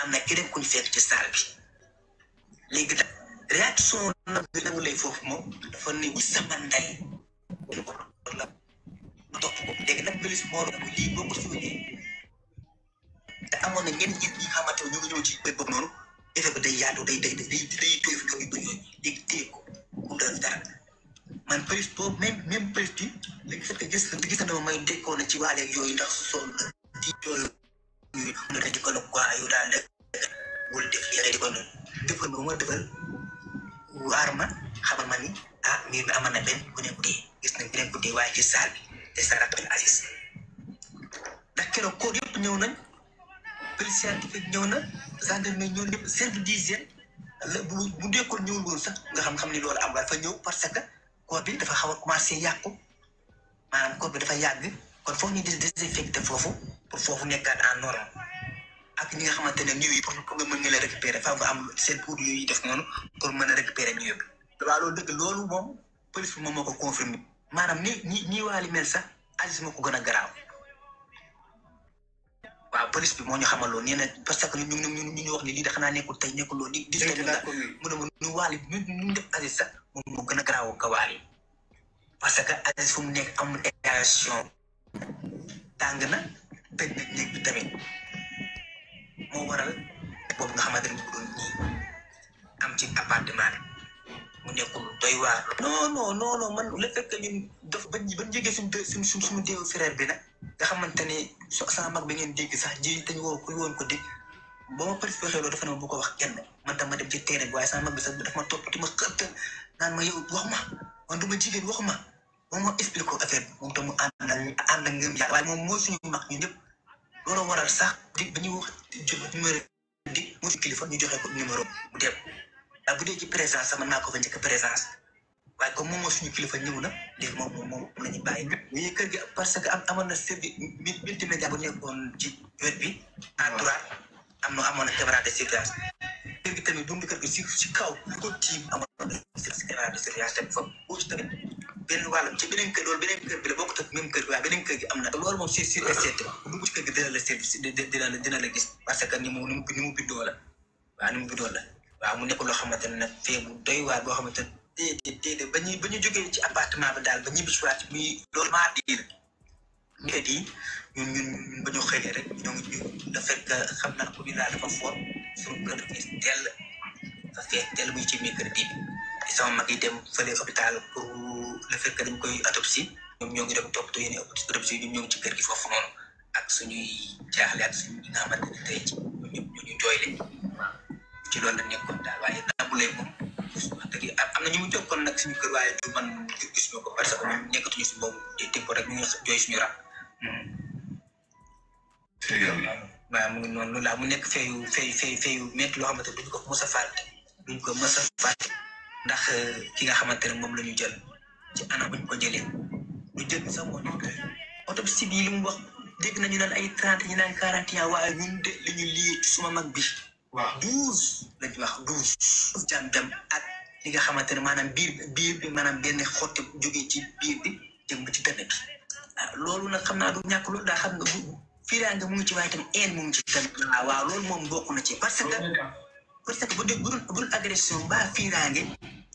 am na keneen ku fekk ci saal bi léegi réaction nag bi lay foofu moom dafa ne wu sama ko la ko léegi nag ministre moo doon te amoon na ñenn ñi nga ñu ngi ñëw ci bépp boobu noonu effet bi day yaatu ko mu dal dara man police boobu même même police bi na ma may na ci waale yooyu ndax sonn ci yooyu yooyu mën na di ko noonu defal ma ma defal. waar ma xamal ma ni ah mbir mi amoon na benn bu ne guddee gis nañ beneen guddee waaye ci saal bi te ça rappelle Aziz ndax keroog koor yëpp ñëw nañ police scientifique ñëw na gendarmerie ñëw ñëpp service d'hygiène la bu bu dekkoon ñëwul woon sax nga xam xam ni loolu am dafa ñëw parce que koor bi dafa xaw a commencé yàqu maanaam koor bi dafa yàgg kon foofu ñu di te foofu pour foofu nekkaat en norme ak ñi nga xamante ne ñëw yi pour pour nga nga la récupérer faaw nga am seen produit yooyu def noonu pour mën a récupérer ñëw bi. waaw loolu dëgg loolu moom police bi moom moo ko confirmé maanaam ni ñi ñi waa mel sax Aziz moo ko gën a garaaw waaw police bi moo ñu xamal loolu parce que ñu ñu ñu ñu wax ni lii dafa naa nekkul tey nekkul loolu. di tey la mu ñu waali sax moom moo gën a garaaw ka waali parce que Aziz fu mu nekk amul éducation tàng na benn néeg tamit. moo waral boobu nga xamante ni mu doon ñii am ci appartement bi mu nekkul doy waar. non non non non man le fait que ñun daf bañ bañ jógee suñu suñ suñ suñu déewu bi nag nga xamante ni sama mag bi ngeen dégg sax ji te ñu woo ko woon ko dégg ba ma participé ko wax kenn man tam ma dem ci terrain bi waaye sama bi sax dafa topp di ma xëtt ma yow wax ma man du ma jigéen wax ma moom moo expliqué ko affaire bi moom tam mu ànd ak ànd ak ngëm yàlla waaye moom moo suñu mag ñu ñëpp. loolu waral sax dig ba ñu wax numéro mu fi kilifa ñu joxe ko numéro bu dem waaye bu ci présence sama naa ko fa njëkk présence waaye comme moom suñu kilifa ñëw na léegi moom moom moom la ñu bàyyi. mais kër gi parce que am amoon na service multimédia bu nekkoon ci wet bi à droite am na amoon na caméra de surveillance kër gi tamit dund kër gi si si kaw ko tiim amoon na caméra de surveillance tamit foofu aussi tamit. benn wàllam ci benn kër loolu beneen kër bi la bokkut ak même kër bi waaye beneen kër gi am na loolu moom sur sur et dina la dina la dina gis parce que ni mu ni mu ni mu bindoo la waaw ni mu bindoo la waaw mu nekk loo xamante ne nag fee bu doy waar boo xamante ne déedéet ba ba ñu jógee ci appartement bi daal ba ñibbi suwaat muy loolu maa diir ñu ne di ñun ñun ba ñu xëyee rek ñoo ngi ñu dafa fekk xam naa ko bi daal dafa foor suñu kër dafa fees dell dafa fees muy ci biir kër gi sama mag yi dem fële hôpital pour le fait que dañ koy autopsie ñoom ñoo ngi dem toppatoo yéen autopsie ñoom ñoo ngi ci kër gi foofu noonu ak suñuy jaaxle ak suñu nga xamante ne tey ci ñoom ñëpp ñu jooyle ci loolu la nekkoon daal waaye naa bu lay moom wax dëgg am na ñu mu jokkoon nag suñu kër waaye du man gis ñu ko parce que ñoom nekkatuñu si moom tempo rek ñu ngi jooy suñu rab ba mu ngi noonu la mu nekk feeyu feeyu feeyu feeyu métti loo xamante duñ ko mos a fàtte duñ ko mos a fàtte ndax ki nga xamantene mom lañu jël ci ana buñ ko jëlé lu jël sa mo ñu ko autopsie bi li mu wax dégg nañu naan ay 30 ñu naan quarante ans waaye ñun de li suma mag bi wa 12 lañ wax 12 jam jam ak li nga xamantene manam biir biir bi manam benn xotte jógee ci biir bi jëm ci tan bi loolu nak xamna du ñak lu da xam nga bu firanga mu ngi ci waytam en mu ngi ci tan wa loolu mom bokku na ci parce que parce que bu dee bu dul agression ba fiiraange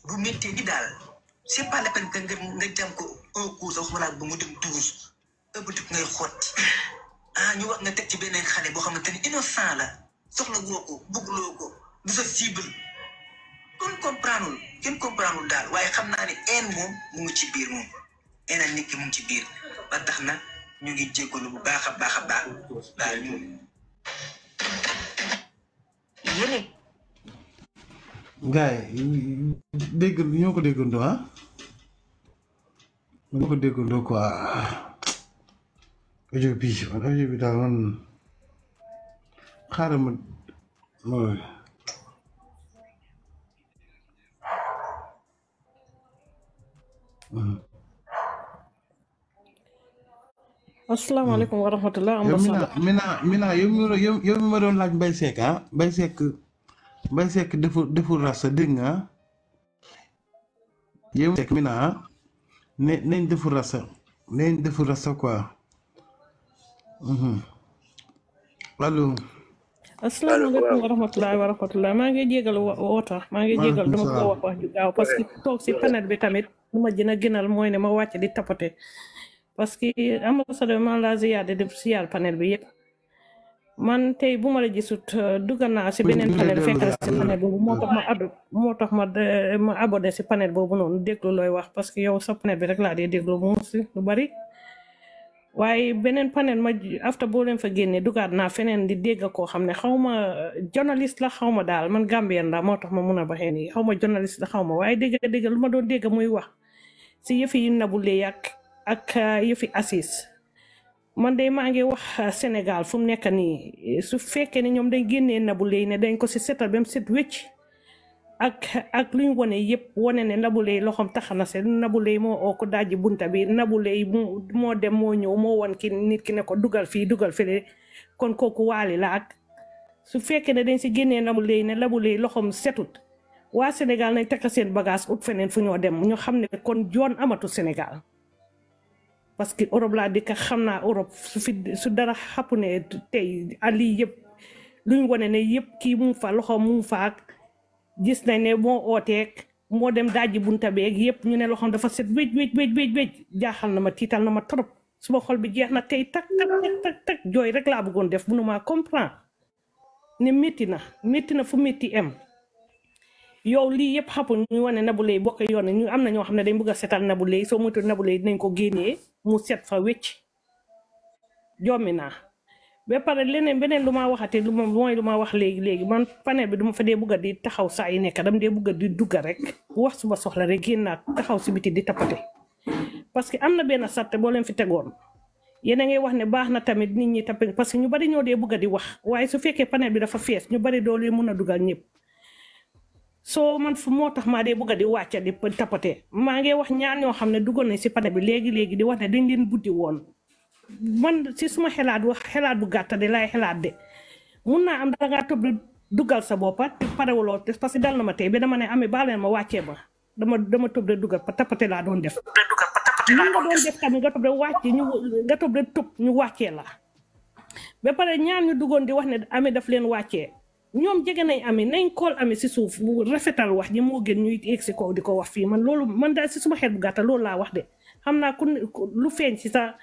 bu méttee ni daal c'est pas la peine que nga nga jam ko un coup sax waxuma laal ba mu dem douze ngay xotti ah ñu wax nga teg ci beneen xale boo xamante ni innocent la soxla woo ko bëggloo ko du sa cible kon comprendre kenn comprendre daal waaye xam naa ne en moom mu ngi ci biir moom en ak nit ki mu ngi ci biir ba tax na ñu ngi jéggalu bu baax a baax a baax daal ñun. gaay dégg ñoo ko déggandoo ah ñoo ko déggandoo quoi audio bi man audio bi daal man xaaral ma hmm. asalaamaaleykum wa rahmatulah. am na solo yow mi naa yow mi ma doon laaj Mbaye Seck ah Mbaye Seck Mbaye Seck defu defu rasta dégg nga yow Seck ne nañ defu rasta nañ defu rasta quoi mhm. allo. asalaamaaleykum wa rahmatulah wa rahmatulah maa ngi jégal woota maa ngi jégal dama wax wax ju parce que toog si panel bi tamit lu ma a gënal mooy ne ma wàcc di tapote parce que amul solo ma la ziyaar di def ziyaar panel bi yëpp. man tey bu ma la gisut euh, duggal naa si beneen panel fekk na si panel boobu moo tax ma ado ma ma abonné si panel boobu noonu déglu looy wax parce que yow sa panel bi rek laa dee déglu mu si bari waaye beneen panel ma after boo leen fa génnee dugaat naa feneen di dégg koo xam ne xaw ma euh, journaliste la xaw ma daal man Gambien la moo tax ma mun a baxee nii xaw ma journaliste la xaw ma waaye dégg dégg lu ma doon dégg muy wax si yëfi yu nabu lee ak ak euh, yëfi assis man de maa ngi wax euh, Sénégal fu mu nekk nii su fekkee ne ñoom dañ génnee nabu Leye ne dañ ko si setal ba mu set wécc ak ak lu ñu wane yëpp wane ne Nabou Leye loxoom taxana se Nabou Leye moo oo ko bunta bi Nabou Leye moo dem moo ñëw moo wan ki nit ki ne ko dugal fii dugal fële kon kooku waali la ak su fekkee ne dañ si génnee Nabou Leye ne Nabou Leye loxoom setut waa Sénégal nañ takk seen bagage ut feneen fu ñoo dem ñu xam ne kon joon amatu Sénégal parce que Europe laa dëkk xam naa Europe su fi su dara xappu ne tey ali yëpp lu ñu wane ne yëpp kii mu fa loxo mu fa gis nañ ne moo ooteeg moo dem dajji bunta beeg yëpp ñu ne loxoom dafa set weej weej wéj wéj wéj jaaxal na ma tiital na ma trop su ma xol bi jeex na tey tak tak tak jooy rek laa bëggoon def mënumaa comprendre ne métti na métti na fu métti em yow lii yëpp xappul ñu wane Nabou Leye bokk yoon ñu am na ñoo xam ne dañ bëgg a setal Nabou Leye soo moytuwul Nabou Leye dinañ ko génnee mu set fa wécc jommi naa ba pare leneen beneen lu ma waxatee lu ma mooy lu ma wax léegi léegi man panel bi duma fa dee bëgg di taxaw saa yi nekk dama dee bëgg di dugga rek wax suma soxla rek génnaat taxaw si biti di tappate parce que am na benn sàtte boo leen fi tegoon yéen a ngay wax ne baax na tamit nit ñi tappe parce que ñu bari ñoo dee bëgg di wax waaye su fekkee panel bi dafa fees ñu bari doo leen mun a dugal ñëpp so man fu motax ma de bëgg di wacce di tapoté ma ngi wax ñaan ñoo xamne duggal na ci pané bi légui légui di wax né dañ leen buddi woon man ci suma xelaat wax xelaat bu gàtt de lay xelaat de mun naa am daga ngaa topp dugal sa boppa te wolo te parce que dal na ma té bi dama né amé baaleen ma wacce ba dama dama topp de dugal pa tapote laa doon def ñu nga doon def tam nga topp de wacce ñu nga topp de topp ñu wacce la ba paré ñaan ñu duggon di wax ne amé daf leen wacce ñoom jege nañ amee nañ kool amee si suuf bu rafetal wax ji moo gën ñuy yegg si kaw di ko wax fii man loolu man daal si suma xel bu gàttal laa wax de xam naa ku lu feeñ si sa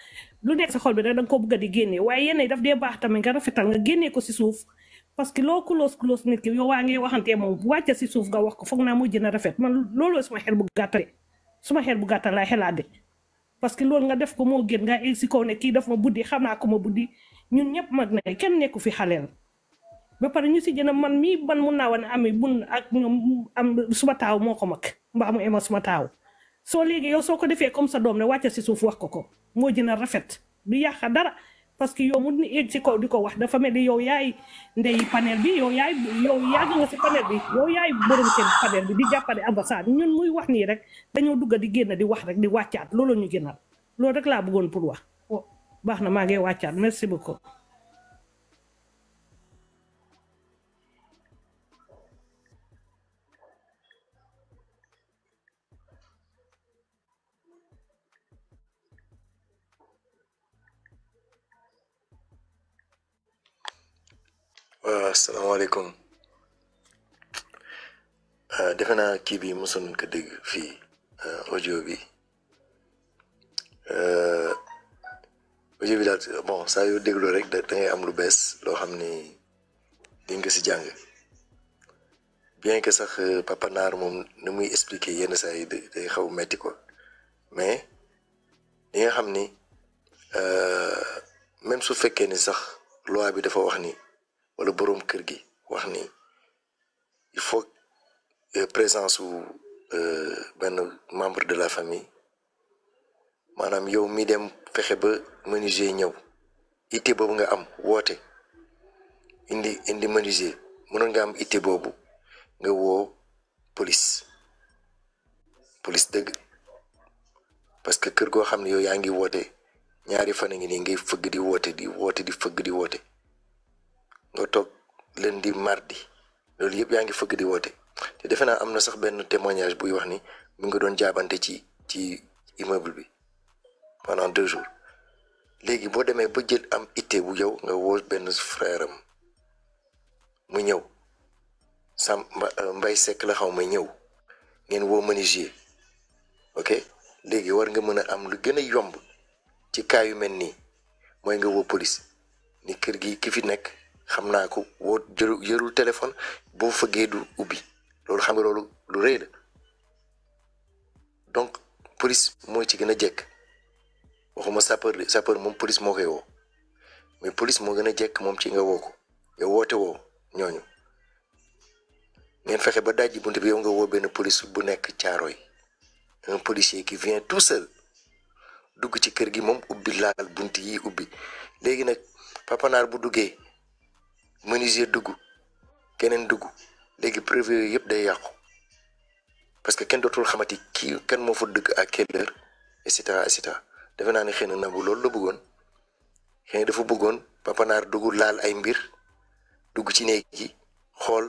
lu nekk sa xol bi rek ko bëgg di génnee waaye yenn daf dee baax tamit nga rafetal nga génnee ko si suuf parce que loo kulóos kulóos yow waa ngi waxantee moom bu wàcce si suuf nga wax ko foog naa moo a rafet man loolu suma xel bu gàttal suma xel bu gàttal laay xelaat de parce que loolu nga def ko moo gën nga egg si kaw ne kii daf ma buddi xam naa ko ma buddi ñun ñëpp mag na kenn nekku fi la ba pare ñu si jëna man mi ban mu nawane ami bun ak ñom am suma taw moko mak ba mbaa mu ema suma taw so léegi yow soko ko comme sa dom né wacc ci suuf wax ko ko mo jëna rafet du yàqa dara parce que yow mu ni ci ko diko di wax dafa mel ni yow yaay ndey panel bi yow yaay yow yaag nga ci panel bi yow yaay borom ci panel bi di jàppale ambassade ñun muy wax ni rek dañu dugg di génn di wax rek di waccat lolu ñu gënal lolu rek la bëggoon pour wax oh, baxna na ngay waccat merci beaucoup Euh, assalamu alaikum euh, defe naa kii bi mosoon ko dégg fii euh, audio bi audio bi daal bon saa yu déglu rek da ngay am lu bees loo xam ni di nga si jàng bien que sax Papa Naar moom ni muy expliquer yenn saa yi day xaw metti ko mais li nga xam ni même su fekkee ni sax loi bi dafa wax ni ni il faut euh, présence ou membres euh, membre de la famille Madame, yow mi dem ba menuisier Ité am indi indi am ité police police parce que kër go xamni yow ngi ñaari di di di nga toog lundi mardi loolu yëpp yaa ngi fëgg di woote te defe naa am na sax benn témoignage buy wax ni mu ngi doon jaabante ci ci immeuble bi pendant deux jours léegi boo demee ba jël am ittee bu yow nga woo benn frère am mu ñëw sam euh, mbay sekk la xaw ma ñëw ngeen woo menuisier ok léegi war nga mën a am lu gën a yomb ci cas yu mel nii mooy nga woo police ni kër gi ki fi nekk xam naa ko woo jël yërul téléphone bo fëggee du ubbi loolu xam nga loolu lu rëy donc police mooy ci gën a jekk waxuma sapeur sapeur moom police moo koy woo mais police moo gën a jekk moom ci nga woo ko yow woote woo ñooñu ngeen fexe ba dajji bunt bi yo nga woo benn police bu nekk caaro yi un policier ki vient tout seul dugg ci kër gi moom ubbi laal bunt yi ubbi léegi nag papanaar bu duggee menuisier dugg keneen dugg léegi prévu yooyu yëpp day yàqu parce que kenn dootul xamati ki kenn moo fa dëgg à quelle heure et cetera et cetera defe naa ne xëy na Nabou loolu la bëggoon xëy na dafa bëggoon papanaar dugg laal ay mbir dugg ci néeg yi xool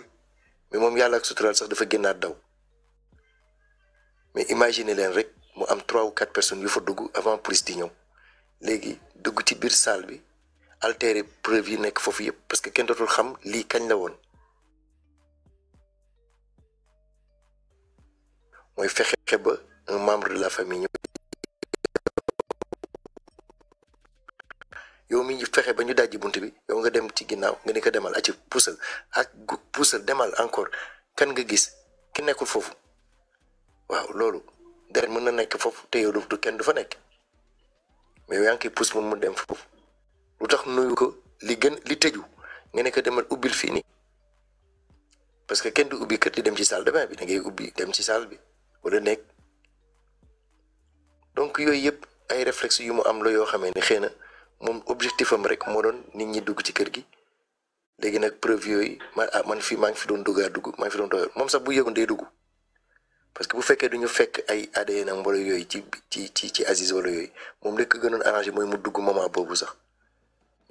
mais moom yàlla ak sutural sax dafa génnaat daw mais imagine leen rek mu am trois ou quatre personnes yu fa dugg avant plus di ñëw léegi dugg ci biir salle bi altéré preuve yi nekk foofu yëpp parce que kenn dootul xam lii kañ la woon mooy fexe ba membre de la famille ñëw yow mi fexe ba ñu dajji bunt bi yow nga dem ci ginaaw nga ni ko demal aci puusal ak puusal demal encore kan nga gis ki nekkul foofu waaw loolu deret mën na nekk foofu te yow du kenn du fa nekk mais yow yaa ngi koy puus moom mu dem foofu lutax nuyu ko li gën li teju nga ko demal ubil fi ni parce que kenn du ubi kër di dem ci salle de bain bi da ngay ubi dem ci salle bi wala nekk donc yoy yep ay reflex yu mu am lo yo xamé ni xéna mom objectifam rek mo don nit ñi dugg ci kër gi légui nak preuve yoy ah, man man fi don dugga dugg maa fi don doyal mom sax bu yegu ndey dugg parce que bu fekkee duñu fekk ay ADN am wala ci ci ci Aziz wala yoy mom lépp gënon arranger moy mu dugg moment bobu sax.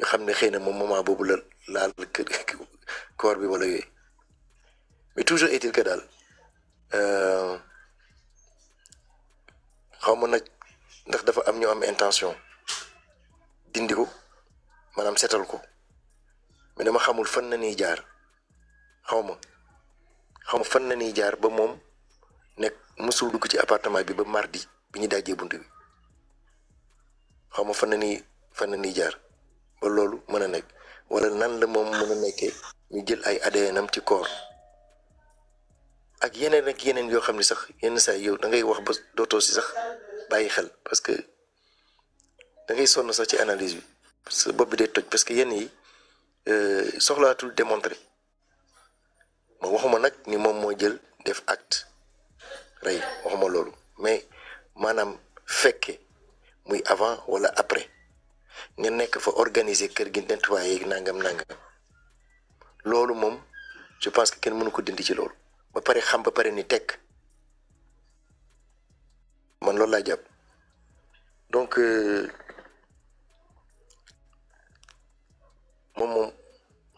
ñu xam ne xëy na moom moment boobu la laal kër koor bi wala yooyu mais toujours est-il que daal euh, xaw ma nag ndax dafa am ñu am intention dindi ko maanaam setal ko ne ma xamul fan na ni jaar xaw ma xaw ma fan na ni jaar ba moom nekk mësul dugg ci appartement bi ba mardi bi ñu dajee bunt bi xaw ma fan na ni fan na ni jaar. ba loolu mën a nekk wala nan la moom mën a nekke ñu jël ay ADN am ci corps ak yeneen rek yeneen yoo xam ne sax yenn saa yow da ngay wax ba dootoo si sax bàyyi xel parce que da ngay sonn sax ci analyse bi parce bi day toj parce que yenn yi euh, soxlaatul démontrer ma waxuma nag ni moom moo jël def acte rey waxuma loolu mais maanaam fekke muy avant wala après nga nekk fa organiser kër gi nettoyer yeeg nangam nangam loolu moom je pense que kenn mënu ko dindi ci loolu ba pare xam ba pare ni tekk man loolu laa jàpp donc euh, moom moom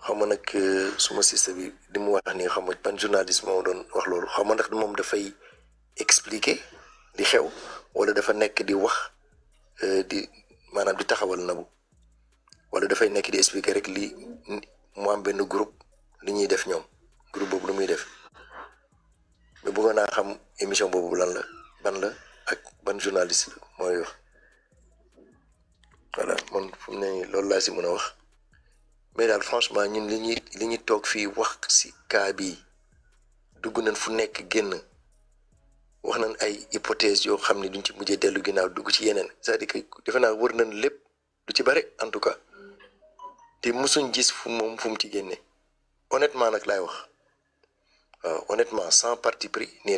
xam nga nag euh, suma sista bi di mu wax ni xam nga ban journaliste moo doon wax loolu xam nga ndax moom dafay expliquer di xew wala dafa nekk di wax euh, di manam di taxawal nabu wala da fay nek di expliquer rek li mo am ben groupe li ñuy def ñom groupe bobu lu muy def mais bëggoon naa xam émission bobu lan la ban la ak ban journaliste la mooy wax voilà man fu ne nii la ci mëna wax mais dal franchement ñun li ñuy li ñuy toog fii wax ci ka bi dugg nañ fu nek genn wax nañ ay hypothèse yoo xam ne duñ ci mujjee dellu ginnaaw dugg ci yeneen c'est-à-dire que defe naa wër nañ lépp du ci bare en tout cas te musuñ gis fu moom fu mu ci génne honnêtement nag laay wax waaw honnêtement sans parti pris ni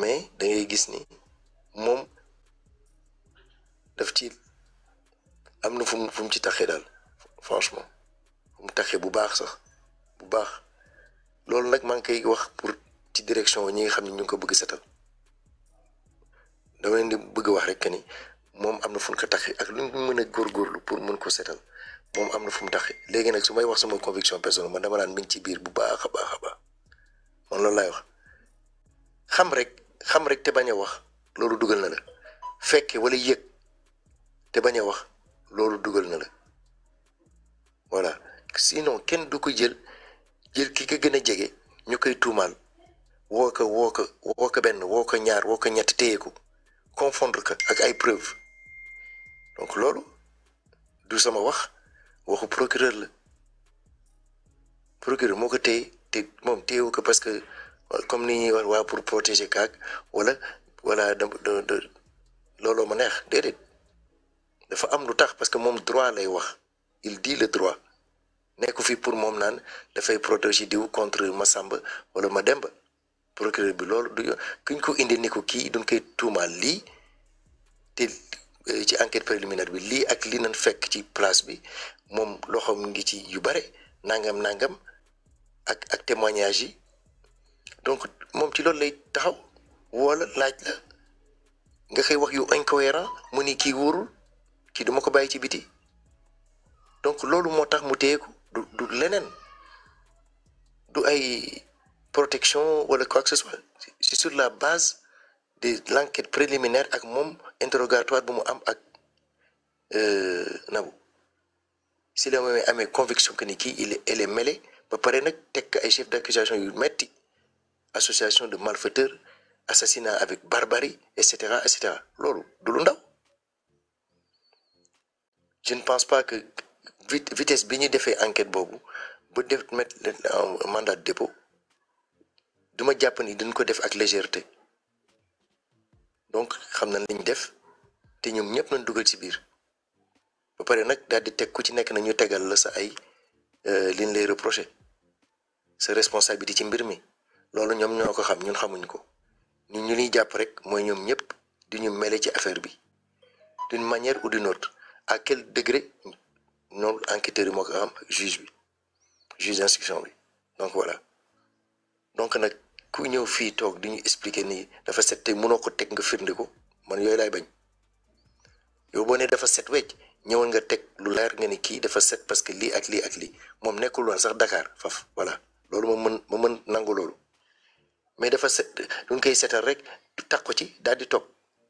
mais da gis ni moom daf ci am na fum mu ci taxe daal franchement fu mu bu baax sax bu baax loolu nag maa ngi wax pour. ci direction ñi nga xam ne ñu ngi ko bëgg setal dama leen di bëgg wax rek que ni moom am na fu ñu ko taxi ak lu ñu mën a góorgóorlu pour mën ko setal moom am na fu mu taxi léegi nag su may wax sama conviction personnelle man dama naan mi ci biir bu baax a baax a baax man loolu laay wax xam rek xam rek te bañ a wax loolu dugal na la fekke wala yëg te bañ a wax loolu dugal na la voilà sinon kenn du ko jël jël ki ko gën a jege ñu koy tuumaal. woo ko woo ben woo ko benn woo ko ñaar ñett confondre ko ak ay preuve donc lolo du sama wax waxu procureur la procureur moko tey te mom téyewu ko parce que comme ni ñuy wax waa pour protéger kaak wala wala da de looloo ma neex dedet dafa am lu tax parce que mom droit lay wax il dit le droit nekku fi pour nan da fay protéger diw contre ma sàmba wala ma demba procureur bi loolu du kuñ ko indi ni ko kii duñ koy tuumaal lii te euh, ci enquête préliminaire bi lii ak lii nañ fekk ci place bi moom loxoom ngi ci yu bare nangam nangam ak ak témoignage yi donc moom ci loolu lay taxaw wala laaj la nga koy wax yu incohérent mu ni kii wóorul kii duma ko bàyyi ci biti donc loolu moo tax mu téye ko du leneen du ay protection ou quoi que ce soit c'est sur la base de l'enquête préliminaire avec mon interrogatoire bu mu am euh, si la a une conviction que Niki il est elle est mêlée ba chef d'accusation yu association de malfaiteurs assassinat avec barbarie etc. cetera et cetera je ne pense pas que vitesse de l'enquête fait enquête Bobu, ba mettre mandat de dépôt duma japp ni dañ ko def ak légèreté donc xam na liñ def té ñoom ñëpp nañ duggal ci biir ba paré nak daal di teg ku ci nekk na ñu tegal la sa ay euh liñ lay reprocher sa responsabilité ci mbir mi loolu ñoom ñoo ko xam ñun xamuñ ko ñun ñu ñuy japp rek moy ñoom ñëpp di ñu mêler ci affaire bi d'une manière ou d'une autre à quel degré non enquêteur yi moo ko xam juge bi juge d'instruction bi donc voilà donc nak ku ñëw fii toog di ñu expliquer nii dafa set te mënoo ko teg nga firndi ko man yooyu laay bañ yow boo ne dafa set wecc ñëwal nga teg lu leer nga ni kii dafa set parce que lii ak lii ak li moom nekkul woon sax dakaar faf voilà loolu ma mën ma mën nangu loolu mais dafa set duñ koy setal rek taq ko ci daal di toog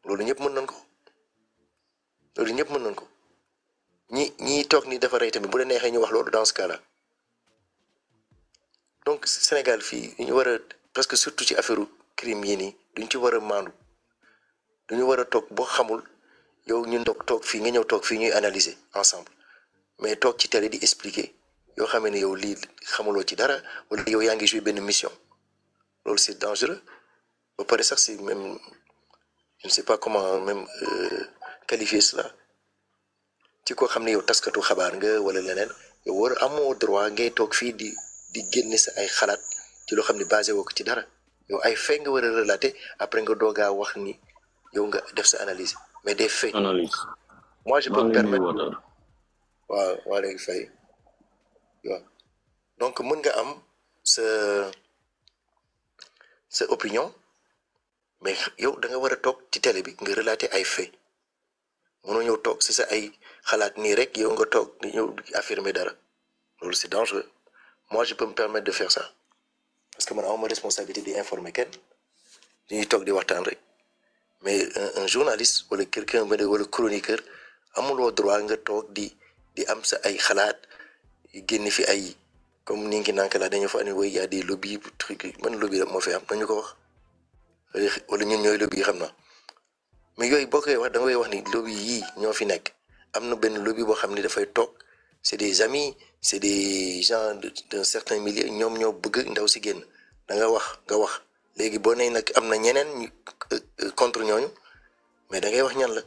loolu ñëpp mën nañ ko loolu ñëpp mën nañ ko ñi ñiy toog ni dafa rey tamit bu la neexee ñu wax loolu dans ce donc Sénégal fii ñu war parce que surtout ci affaire crime yi nii duñ ci wara a maandu duñu war a toog xamul yow ñu ndoog tok fi nga ñew tok fi ñuy analyser ensemble mais tok ci télé di expliquer yoo xamé ne yow li xamulo ci dara wala yow yaa ngi joué benn mission lolu c'est dangereux ba pare sax c'est même je ne sais pas comment même euh, qualifier cela ci ko xamné yow taskatu xabar nga wala leneen yow war amo droit ngay tok fi di di génné sa ay xalat te lo xamni ne basé woo ko ci dara yow ay fait nga wara relater après nga doog a wax ni yow nga def sa analyse mais des faits. analyse moi je peux me permettre wa wa lay fay Yo, donc mën nga am ce sa opinion mais yow da nga wara tok ci télé bi nga relater ay faits mënoo ñëw tok si sa ay xalaat ni rek yow nga tok ni ñëw affirmer dara loolu c'est dangereux moi je peux me permettre de faire ça parce que man awma responsabilité di informer kenn dañuy toog di waxtan rek mais un journaliste wala quelqu'un wala chroniqueur amuloo droit nga tok di di am sa ay khalat génn fi ay comme ni ngi nank laa dañu fa andi way ya des lobby bu truc man lobby mo moo fi am dañu ko wax wala ñun ñoy lobby xamna mais yoy boo wax da ngay wax ni lobby yi ñoo fi nekk am na lobby bo xamni da fay tok c'est des amis c'est des gens d'un certain milieu ñoom ñoo bëgg ndaw si génn da nga wax nga wax léegi boo nee nag am na euh, euh, contre ñooñu mais da ngay wax ñan la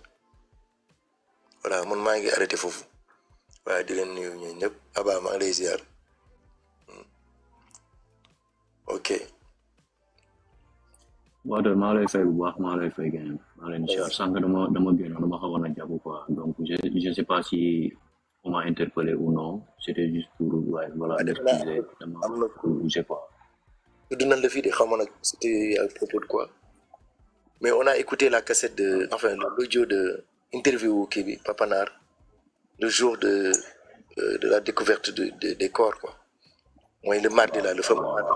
voilà mon mari ngi arrêté fou waaye di leen nuyu ñun ñëpp Aba maa lay ziar hmm. ok. waaw maa lay fay bu baax maa lay fay gàncax maa leen ziar sànq dama dama génnoon dama xawoon a quoi donc je je ne sais pas si interpellé ou non, c'était juste pour euh, Je sais de quoi Mais on a écouté la cassette, de, enfin l'audio de interview au Kébi, Papanar, le jour de, euh, de la découverte de, des corps. Quoi. Oui, le mardi, là, le fameux mardi.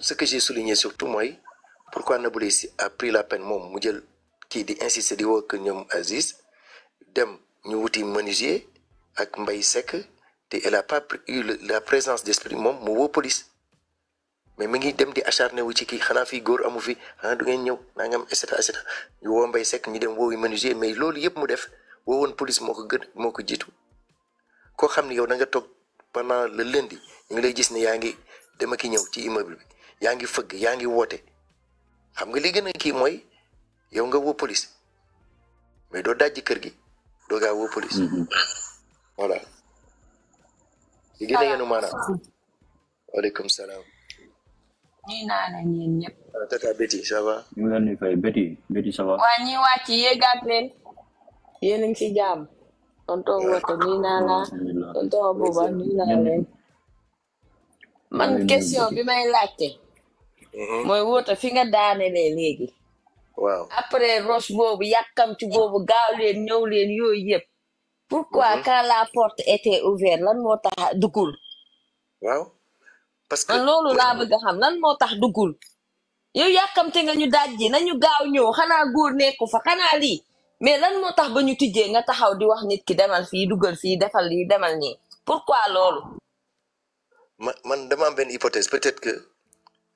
ce que j'ai souligné surtout moi pourquoi Naboulis a pris la peine moom mu jël kii di insister di woo que ñoom Aziz dem ñu wuti menuisier ak mbay sekk te elle a pas eu la présence d'esprit moom mu woo police mais mi ngi dem di acharné wu ci kii xanaa fii góor amu fi xanaa ah, du ñëw nangam et cetera et cetera ñu woo Mbaye Seck ñu dem woowu menuisier mais loolu yëpp mu def woo woon police moo ko gën moo ko jiitu koo xam ne yow da nga toog pendant le lundi ñu ngi lay gis ne yaa ngi dem ak ñëw ci immeuble bi yaa ngi fëgg yaa ngi woote. xam nga li gën a kii mooy yow nga woo police mais doo dajji kër gi doo gaa woo police. Mm-hmm. voilà. li a yenu maanaam. waaleykum salaam. nuyu naa leen yéen ñëpp. ah tata Betty ça ngi leen di fay ñi wàcc yéegaat leen. yéen a ngi ci jàmm. tonton Wota nuyu naa la tonton man question bi may Mm-hmm. mooy wóota fi nga daanelee léegi. waaw après roche boobu yàkkamti boobu gaaw leen ñëw leen yooyu yëpp. pourquoi mm-hmm. quand la porte était ouverte lan moo tax duggul. waaw parce que loolu laa bëgg xam lan moo tax duggul. yow yàkkamte nga ñu dajji nañu gaaw ñëw xanaa góor nekku fa xanaa lii mais lan moo tax ba ñu tijjee nga taxaw di wax nit ki demal fii duggal fii defal lii demal nii pourquoi loolu. man man dama am benn hypothèse peut-être que.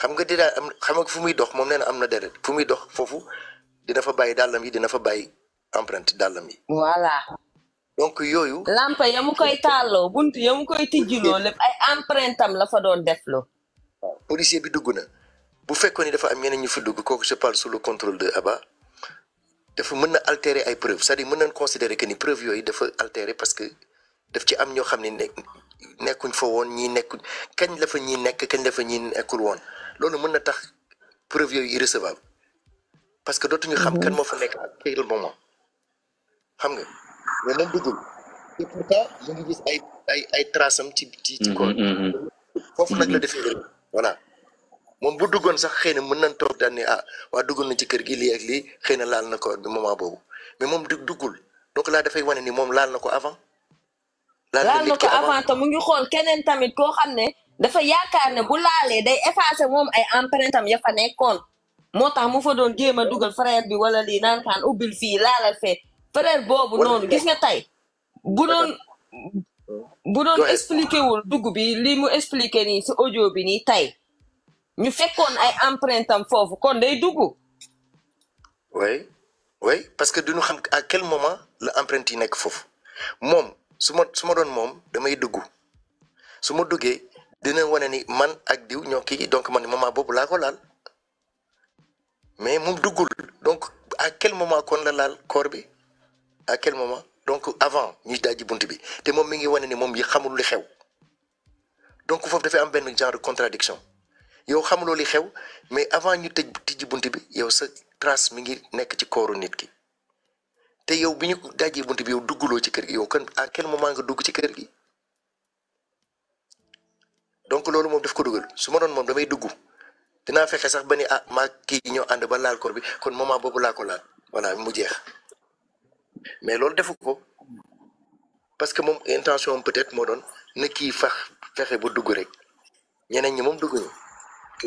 xam nga dina am xam nga fu muy dox moom nee na am na deret fu muy dox foofu dina fa bàyyi dàllam yi dina fa bàyyi empreinte dàllam yi. voilà. donc yooyu. lampa ya mu koy tàlloo bunt ya la fa doon defloo. waaw policier bi dugg na bu fekkoon ni dafa am ñeneen ñu fi dugg kooku je parle sous le contrôle de Aba dafa mën na altérer ay preuves cest à mën nañ considere que ni preuve yooyu dafa altérer parce que daf ci am ñoo xam ne nekk nekkuñ fa woon ñii nekkuñ kañ la fa ñii nekk ken la fa ñii nekkul woon loolu mën na tax preuve yooyu irrécevable parce que dootuñu xam mhm. kan moo fa nekk ak këyil moment xam nga mais moom duggul ay ay ci ci ci ko mhm, mhm, la defee rek moom bu duggoon sax xëy na mën nañ toog daan ah waa duggoon na ci kër gi lii ak lii xëy na laal na ko moment boobu mais moom du duggul donc laa dafay wane ni moom laal na ko avant laal na ko avant te mu ngi xool keneen tamit koo xam ne dafa yaakaar ne bu laalee day effacer moom ay empreinte am ya fa nekkoon moo tax mu fa doon jéem a dugal frère bi wala lii naan kaan ubbil fii laalal fee frère boobu noonu gis nga tey bu doon bu doon expliqué wul dugg bi li mu expliquer nii si audio bi nii tey ñu fekkoon ay empreinte am foofu kon day dugg. oui oui parce que duñu xam à quel moment la empreinte yi nekk foofu moom suma suma su ma doon moom damay dugg su ma duggee dina wane ni man ak diw ñoo kii donc man moment boobu laa ko laal mais moom duggul donc à quel moment kon la laal koor bi à quel moment donc avant ñuy dajji bunt bi te moom mi ngi wane ni moom yi xamul li xew donc foofu dafay am benn genre de contradiction yow xamuloo li xew mais avant ñu tëj tijji bunt bi yow sa trace mi ngi nekk ci kooru nit ki te yow bi ñu dajee bunt bi yow dugguloo ci kër gi yow kan à quel moment nga dugg ci kër gi donc loolu moom def ko dugal su ma doon moom damay dugg dinaa fexe sax ba ni ah ma kii ñoo ànd ba laal ko bi kon moment boobu laa ko laal voilà mu jeex mais loolu defu ko parce que moom intention peut-être moo doon na kii fex fexe ba dugg rek ñeneen ñi moom dugguñu te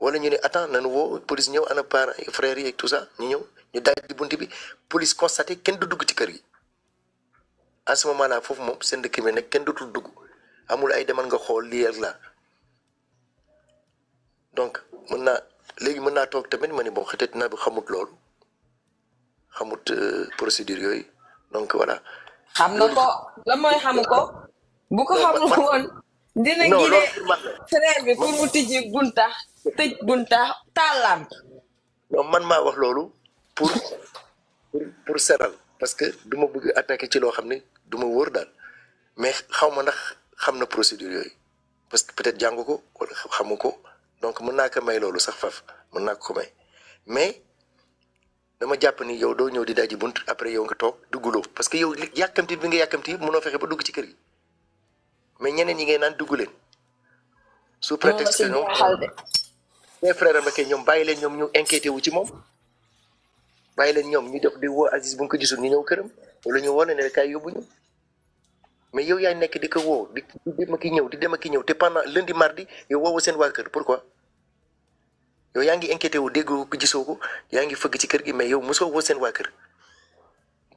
wala ñu ne attends nañu woo police ñëw ana parents frères yi tout ça ñu ñëw ñu daj bunt bi police constaté kenn du dugg ci kër gi à ce moment foofu moom seen dëkk bi na kenn dootul dugg amul ay deman nga xool lii ak donc mën naa léegi mën naa toog tamit ma ne bon peut-être bi xamut loolu xamut euh, procédure yooyu donc voilà. xam na ko la mooy xam ko. bu ko woon. dina ngi de frère bi pour mu tijji bunta tej bunta talam non man ma wax lolu pour pour pour seral parce que duma bëgg attaquer ci lo xamné duma wër dal mais xawma ndax xamna procédure yoy parce que peut être jàng ko wala xamu donc mën naa ko may lolu sax faf mën naa ko may mais dama japp ni yow do ñëw di daji buntu après yow nga tok dugulo parce que yow yakamti bi nga yakamti mëno fexé ba dugg ci kër gi mais ñeneen ñi ngeen naan dugg leen. sous prétexte ñoom mais frère ñoom bàyyi leen ñoom ñu inquiété wu ci moom. bàyyi leen ñoom ñu def di woo Aziz bu ñu ko gisul ñu ñëw këram wala ñu wane ne kaay yóbbu ñu mais yow yaa nekk di ko woo di dem ak ñëw di dem ak ñëw te pendant lundi mardi yow woowu seen waa kër pourquoi. yow yaa ngi inquiété wu déggoo ko gisoo yaa ngi fëgg ci kër gi mais yow mosoo woo seen waa kër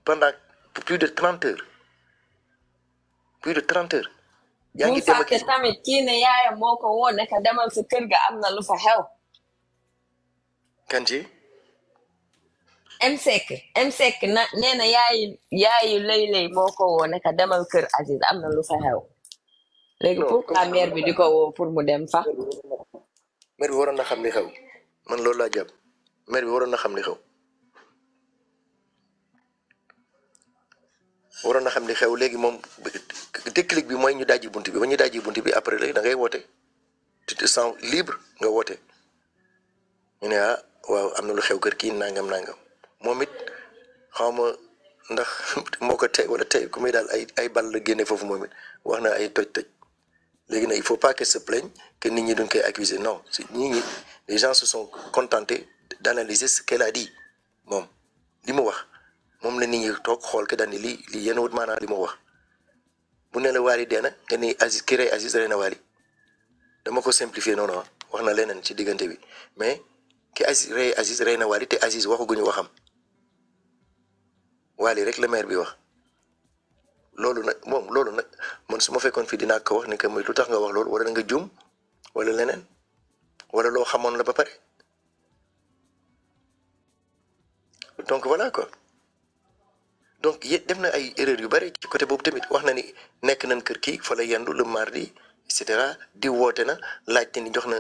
pendant plus de trente heures plus de trente heures. yaa ngi tamit kii ne yaayam moo ko woon ne demal si kër ga am na lu fa xew. kan ci. MSEC MSEC na nee na yaayu yaayu lay moo ko woon ne demal kër Aziz am na lu fa xew. léegi pourquoi mère bi di ko woo pour mu dem fa. mère bi waroon xam li xew man loolu laa jàpp mère bi waroon xam li xew. waroon na xam li xew léegi moom déclic bi moy ñu dajji bunt bi ba ñu dajji bunt bi après léegi da ngay woté tu te sens libre nga woté ñu né ah waaw amna lu xew kër ki nangam nangam momit xawma ndax moko tay wala tay ku muy daal ay ay bal la génne foofu wax na ay toj-toj léegi na il faut pas que se plaigne que nit ñi duñ koy accuser non si ñi les gens se sont contentés d'analyser ce qu'elle a dit mom li mu wax. moom la ni toog xool ke daan ni lii lii yéen wut maanaam li mu wax bu ne la Wally dee na ni Aziz ki rey Aziz rey na Wally dama ko simplifier noonu ah, wax na leneen ci diggante bi mais ki Aziz rey rey na Wally te waxaguñu waxam Wally rek la maire bi wax loolu nag moom loolu nag man su ma fekkoon fii dinaa ko wax ni que lu tax nga wax loolu wala nga jum wala leneen wala loo xamoon la ba pare donc voilà quoi. donc ay erreur yu bari ci côté bobu tamit wax ni nek nañ kër ki fa la yendu le mardi et cetera di na ni jox na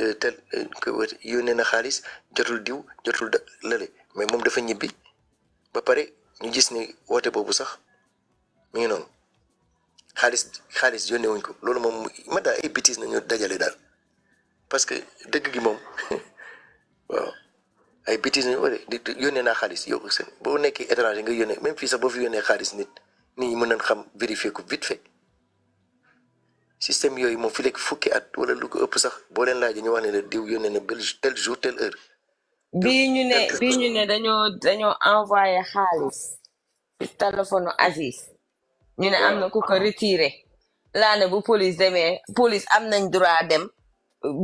euh, tel euh, jotul diw jotul lele mais mom dafa ñibbi ba paré ñu gis ni woote bobu sax ngi non wuñ ko lolu mom ma da ay bêtises nañu dajalé dal parce que gi ay bêtises ñu wala di yónnee naa xaalis yow seen boo nekkee étranger nga yónnee même fii sax boo fi yónnee xaalis nit ni ñi mën nañ xam vérifier ko vite fait système yooyu moom fi lekk fukki at wala lu ko ëpp sax boo leen laajee ñu wax ne la diw yónnee na bel tel jour telle heure. bii ñu ne bii ñu ne dañoo dañoo envoyé xaalis ci téléphone Aziz ñu ne am na ku ko retiré laa ne bu police demee police am nañ droit dem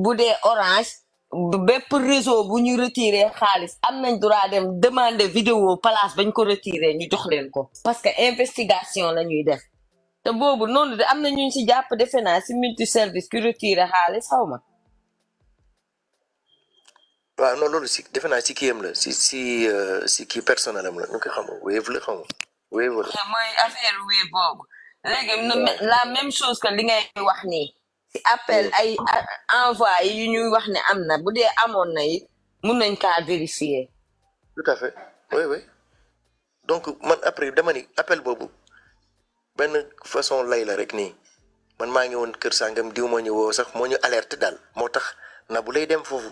bu dee orange. bépp réseau bu ñu retiré xaalis am nañ droit demande demander vidéo place bañ ko retiré ñu jox leen ko parce que investigation lañuy ñuy def te boobu noonu de am na ñu si jàpp defe naa ci multi service ku retiré xaalis xaw ma. waaw non loolu ci defe naa ci kii am la si ci si euh, kii personnel la ñu ko xam wave la xam wave la. mooy affaire wave boobu léegi la même chose que li ngay wax nii. ci appel mm. ay envoi yu ñu wax ne am na bu dee amoon na it mun nañ kaa vérifier. tout à fait oui oui donc man après dama ni appel boobu benn façon lay la rek nii man maa ngi woon kër sàngam diw moo ñu woo sax moo ñu alerte daal moo tax na bu lay dem foofu.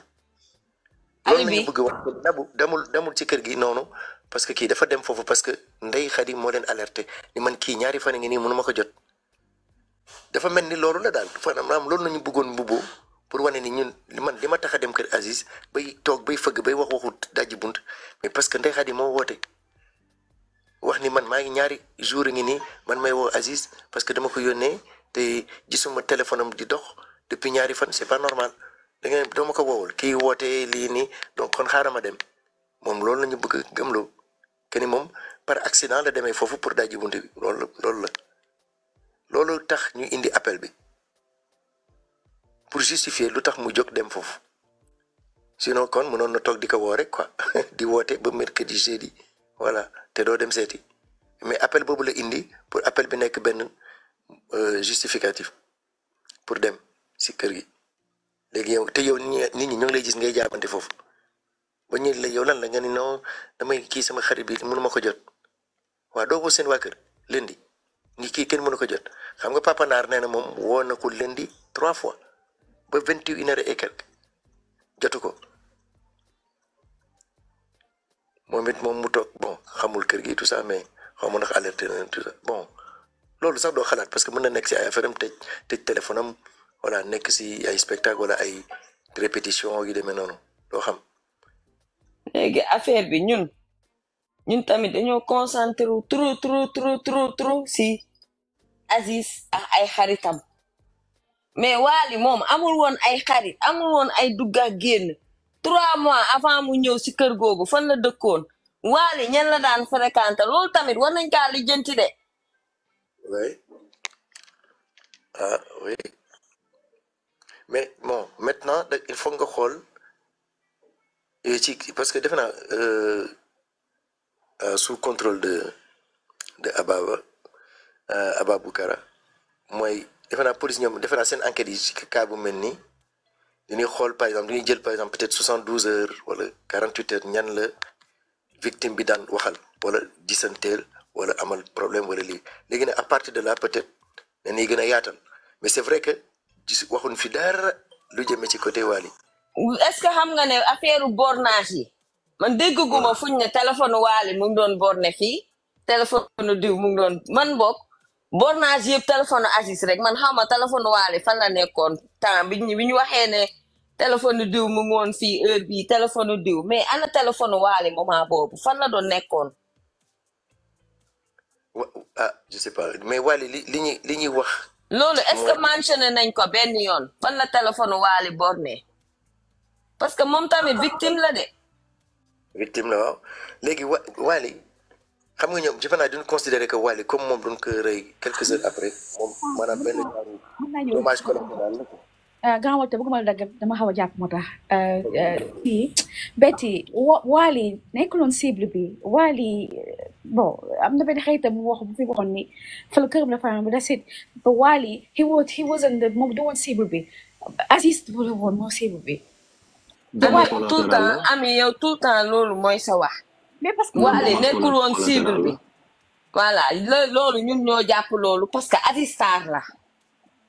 loolu la ñu bëgg wax nabu demul demul ci kër gi noonu parce que kii dafa dem foofu parce que ndey xadi moo leen alerte ni man kii ñaari fan ngi nii mënu ma ko jot. dafa mel ni loolu la daal dafa am loolu nañu bëggoon mbubboo pour wane ni ñun li man li ma tax a dem kër Aziz bay toog bay fëgg bay wax waxut dajji bunt mais parce que Ndeye Khady moo woote wax ni man maa ngi ñaari jour ngi nii man may woo Aziz parce que dama ko yónnee te gisuma téléphone am di dox depuis ñaari fan c'est pas normal da nga dama ko woowul kii wootee lii nii donc kon xaaral ma dem moom loolu la ñu bëgg a gëmloo que ni moom par accident la demee foofu pour dajji bunt bi loolu loolu la. loolu tax ñu indi appel bi pour justifier lu tax mu jóg dem foofu sinon kon mënoon na toog di ko woo rek quoi di woote ba mercredi jeudi voilà te doo dem seeti mais appel boobu la indi pour appel bi nekk benn euh, justificatif pour dem si kër gi léegi yow te yow nit ñi ñoo ngi lay gis ngay jaabante foofu ba ñu la yow lan la nga ni non damay kii sama xarit bi ma ko jot waa doo woo seen waa kër leen di ni ki ken mënu ko jot xam nga papa nar neena mom wona ko lendi 3 fois ba vingt une heure et quelque jotu ko moom mu tok bon xamul keur gi tout ça mais xaw nak alerte na tout ça bon lolou sax do xalat parce que mën na nekk si ya, ay affaire am tej tëj téléphone am wala nek ci ay spectacle wala ay répétition yi demé noonu do xam léegi eh, affaire bi ñun ñun tamit dañoo concentrer trop trop trop trop trop si Aziz ak ah, ay xaritam mais Wally moom amul woon ay xarit amul woon ay dugga génn trois mois avant mu ñëw si kër googu fan la dëkkoon Wally ñan la daan fréquenté loolu tamit war nañ kaa lijjanti de. oui ah mais bon maintenant il faut nga xool euh, ci parce que defe naa euh, euh, sous contrôle de de Ababa. Euh, Ababoukara moy defe naa police ñom defe naa enquête ci ka bu melni dañuy xol par exemple dañuy jël par exemple peut-être 72 heures wala 48 heures ñan la victime bi daan waxal wala disanteel wala amal problème wala li légui né à partir de là peut-être dañuy gëna a yaatal mais c'est vrai que gis waxuñ fi dara lu jëmee ci côté wali est-ce que xam nga né affaire bornage yi. man dégguma ah. fuñ né téléphone wali, mu ngi doon borné fi téléphone diw mu ngi doon man bokk. bornage yëpp téléphone Aziz rek man xaw ma téléphone waale fan la nekkoon temps bi ñu bi ñu waxee ne téléphone diw mu ngi woon fii heure bii téléphone diw mais ana téléphone waale moment boobu fan la doon nekkoon. ah je sais pas mais waale li li ñuy wax. loolu est-ce que mentionné nañ ko benn yoon fan la téléphone waale borné parce que moom tamit victime la de. victime la waaw wa waale xam nga ñoom jëfanaa duñ considéré que Wally comme moom duñ ko rëy quelques heures après moom maanaam benn jaaru dommage collatéral la ko gannaaw te bëgguma la dagg dama xaw a jàpp moo tax kii Betty Wally nekkuloon cible bi Wally bon am na benn xaritam mu wax bu fi waxoon ni fële këram la fanaan bi that's it but Wally he was he wasn't the moom du woon cible bi Aziz du la woon moom cible bi. tout le temps ami yow tout le temps loolu mooy sa wax. mais parce que nekkul woon cible bi voilà loolu ñun ñoo jàpp loolu parce que Adji Sarr la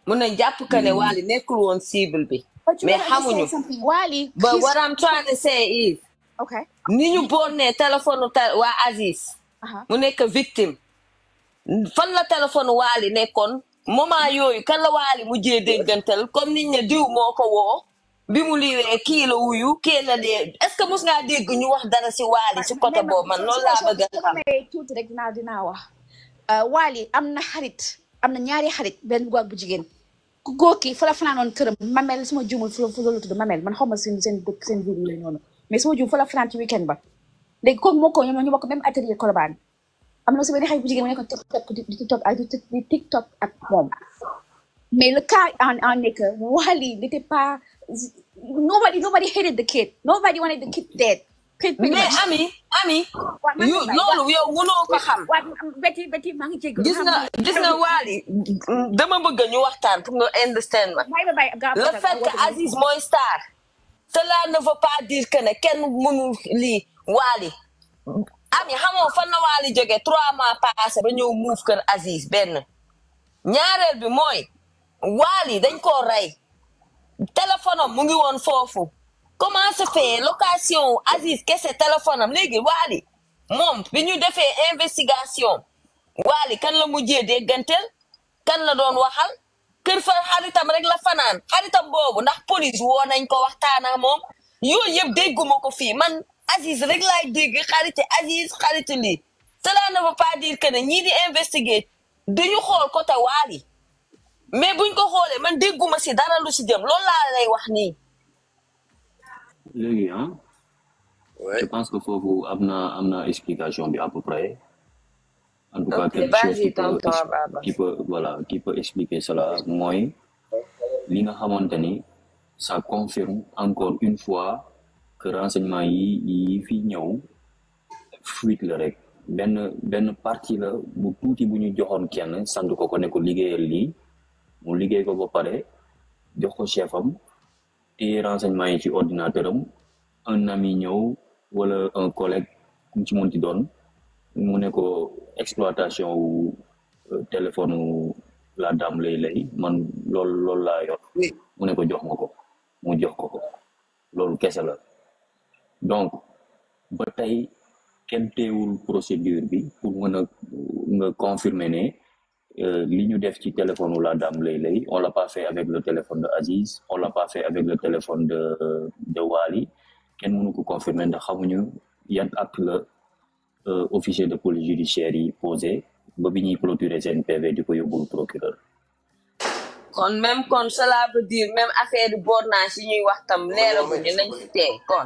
mun nañ jàpp que ne hmm. nekkul woon cible bi mais xamuñu Wally ba what to say is okay ni ñu borne téléphone ta waa Aziz mu nekk victime fan la téléphone Wally nekkoon moment yooyu kan la Wally mujjee déggantal comme nit diw moo ko woo bi mu liiwee kii la wuyu kii la dee est-ce que mos ngaa dégg ñu wax dara si Waly si côté boobu man loolu laa bëgg a xam euh, am na xarit am na ñaari xarit benn bu góor bu jigéen ku góor ki fa la fanaanoon këram mamel suma juumul fu loolu tudd mamel man xaw ma seen seen dëkk seen ville yooyu noonu mais suma juum fa la fanaan ci week-end ba léegi kooku moo ko ñoom ñu bokk même atelier Colobane am na aussi benn xarit bu jigéen mu nekkoon tiktok di tiktok ak ak moom mais nobody nobody hated the kid nobody wanted the kid dead. mais Ami Ami. yu loolu yow mënoo ko xam. beti beti maa ngi jégalu. gis nga gis nga Wally dama bëgg ñu waxtaan pour nga understand ma. le fait que Aziz mooy star. cela ne veut pas dire que ne kenn mënu lii Wally. Ami xamoo fan na Wally jógee trois mois passé ba ñëw muuf kër Aziz benn. ñaareel bi mooy Wally dañ koo rey. téléphone mu ngi woon foofu comment se fait location Aziz kese téléphone am léegi Wally moom bi ñu defee investigation Wally kan la mujjee dégganteel kan la doon waxal kër fa xaritam rek la fanaan xaritam boobu ndax police woo nañ ko waxtaana moom yooyu yëpp dégguma ko fii man Aziz rek laay dégg xariti Aziz xariti lii cela ne veut pas dire que ne ñii di investiguer duñu xool côté mais buñ ko xolé man dégguma ci dara lu ci dem lool la lay wax nii. léegi ah, ouais. je pense que foofu am amna am explication bi à peu près. en tout cas quelque chose qui peut qui peut voilà qui peut expliquer cela mooy li nga xamante ça confirme encore une fois que renseignement yi yi fi ñew fuite le rek ben ben partie la bu tuuti bu ñu joxoon kenn sandu ko ko ne ko liggéeyal li mu liggéey ko ba pare jox ko chef am téye renseignement yi ci ordinateur am un ami ñëw wala un collègue ku ci munti doon mu ne ko exploitation wu euh, téléphone wu la dame lay lay man loolu loolu la yor mu ne ko jox ma ko mu jox ko ko loolu kese la donc ba tey kenn teewul procédure bi pour mën a nga confirmer ne Euh, li ñu def ci téléphone wu la Dame Leye Leye on l'a pas fait avec le téléphone de Aziz on l'a pas fait avec le téléphone de Wali kenn mënu ko confirmer na xamuñu yan acte la euh, officier de police judiciaire yi posé ba bi ñuy clôturer seen PV di ko yóbbul procureur kon même kon cela veut dire même affaire bornage yi ñuy wax tam leeraguñu nañ ci kon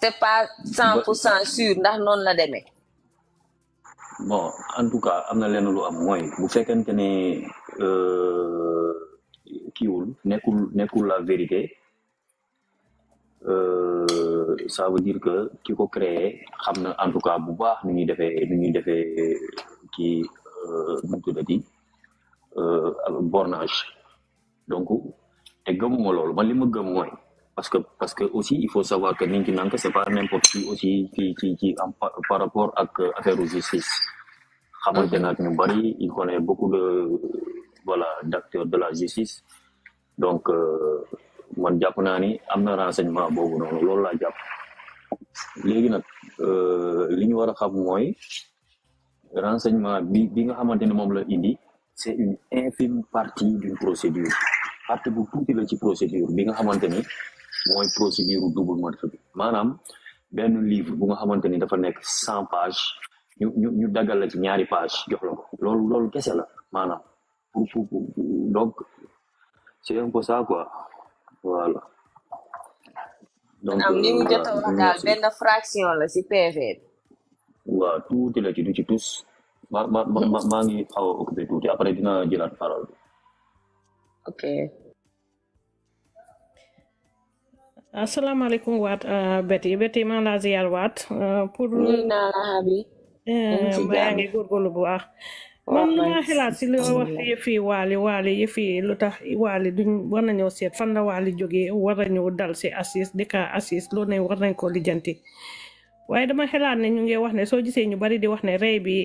c'est pas cent pour cent sûr ndax noonu la demee bon en tout cas am na leen lu am mooy bu fekkente ne euh, kiiwul nekkul nekkul la vérité euh, ça veut dire que ki ko créer xam na en tout cas bu baax nu ñuy defee nu ñuy defee kii euh, nu mu tuddati bornage donc te gëmuma loolu man li ma gëm Parce que, parce que aussi, il faut savoir que Ninkinanka, c'est pas n'importe qui aussi qui, qui, qui, par rapport à l'affaire aux justice. Ah. Khabar Benak Nubari, il connaît beaucoup de, voilà, d'acteurs de la justice. Donc, euh, man jàpp naa ni am na renseignement boobu noonu loolu laa jàpp léegi nag euh, li ñu wara xam moy renseignement bi bi nga xamanteni mom la indi c'est une infime partie dune procédure partie bu tuuti la ci procédure bi nga xamanteni mooy procédure double meurtre bi maanaam benn livre bu nga xamante ni dafa nekk cent page ñu ñu ñu dagal la ci ñaari page jox la ko loolu loolu kese la maanaam pour pour donc c'est un peu ça quoi voilà. donc am ni mu jot a wax daal benn fraction la si PV bi. waaw tuuti la ci du ci tus ma ma ma maa ngi xaw a occupé tuuti après dina jëlaat parole bi. ok. asalaamaaleykum waat euh, Betty Betty maa laa ziar waat euh, pour naa la habi maa euh, ngi góorgóorlu bu baax man maa si li wax yëfi waali waali lu tax waali duñ war nañoo seet fan la waali jógee war nañoo dal si Aziz di ka Aziz loolu ne war nañ ko lijjanti waaye dama xalaat ne ñu ngi wax ne soo gisee ñu bari di wax ne rey bi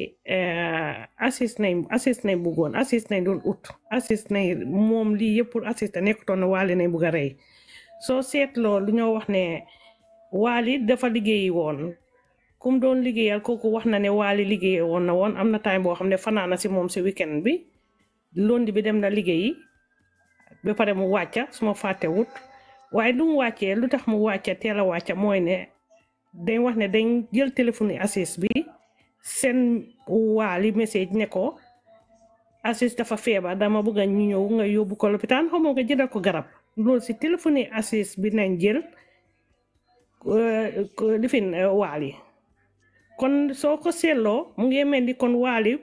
Aziz nañ Aziz nañ bëggoon Aziz nañ doon ut Aziz nañ moom lii yëpp pour Aziz te na waali nañ bëgg a rey soo seetloo lu ñoo wax ne waali dafa liggéeyi woon kum doon liggéeyal kooku wax na ne waali liggéeye woon na woon am na time boo xam ne fanaana si moom si weekend bi lundi bi dem na liggéeyi ba pare mu wàcca su ma fàtte wut waaye du wàccee lu tax mu wàcca teel a wàcca mooy ne dañ wax ne dañ jël téléphone assis bi seen waali message ne ko Aziz dafa feebar dama bëgg a ñu ñëw nga yóbbu ko lopitaan xamoo nga jëndal ko garab loolu si téléphonie Aziz bi nañ jël euh, lifin euh, Wally kon soo ko seetloo mu ngi mel ni kon Wally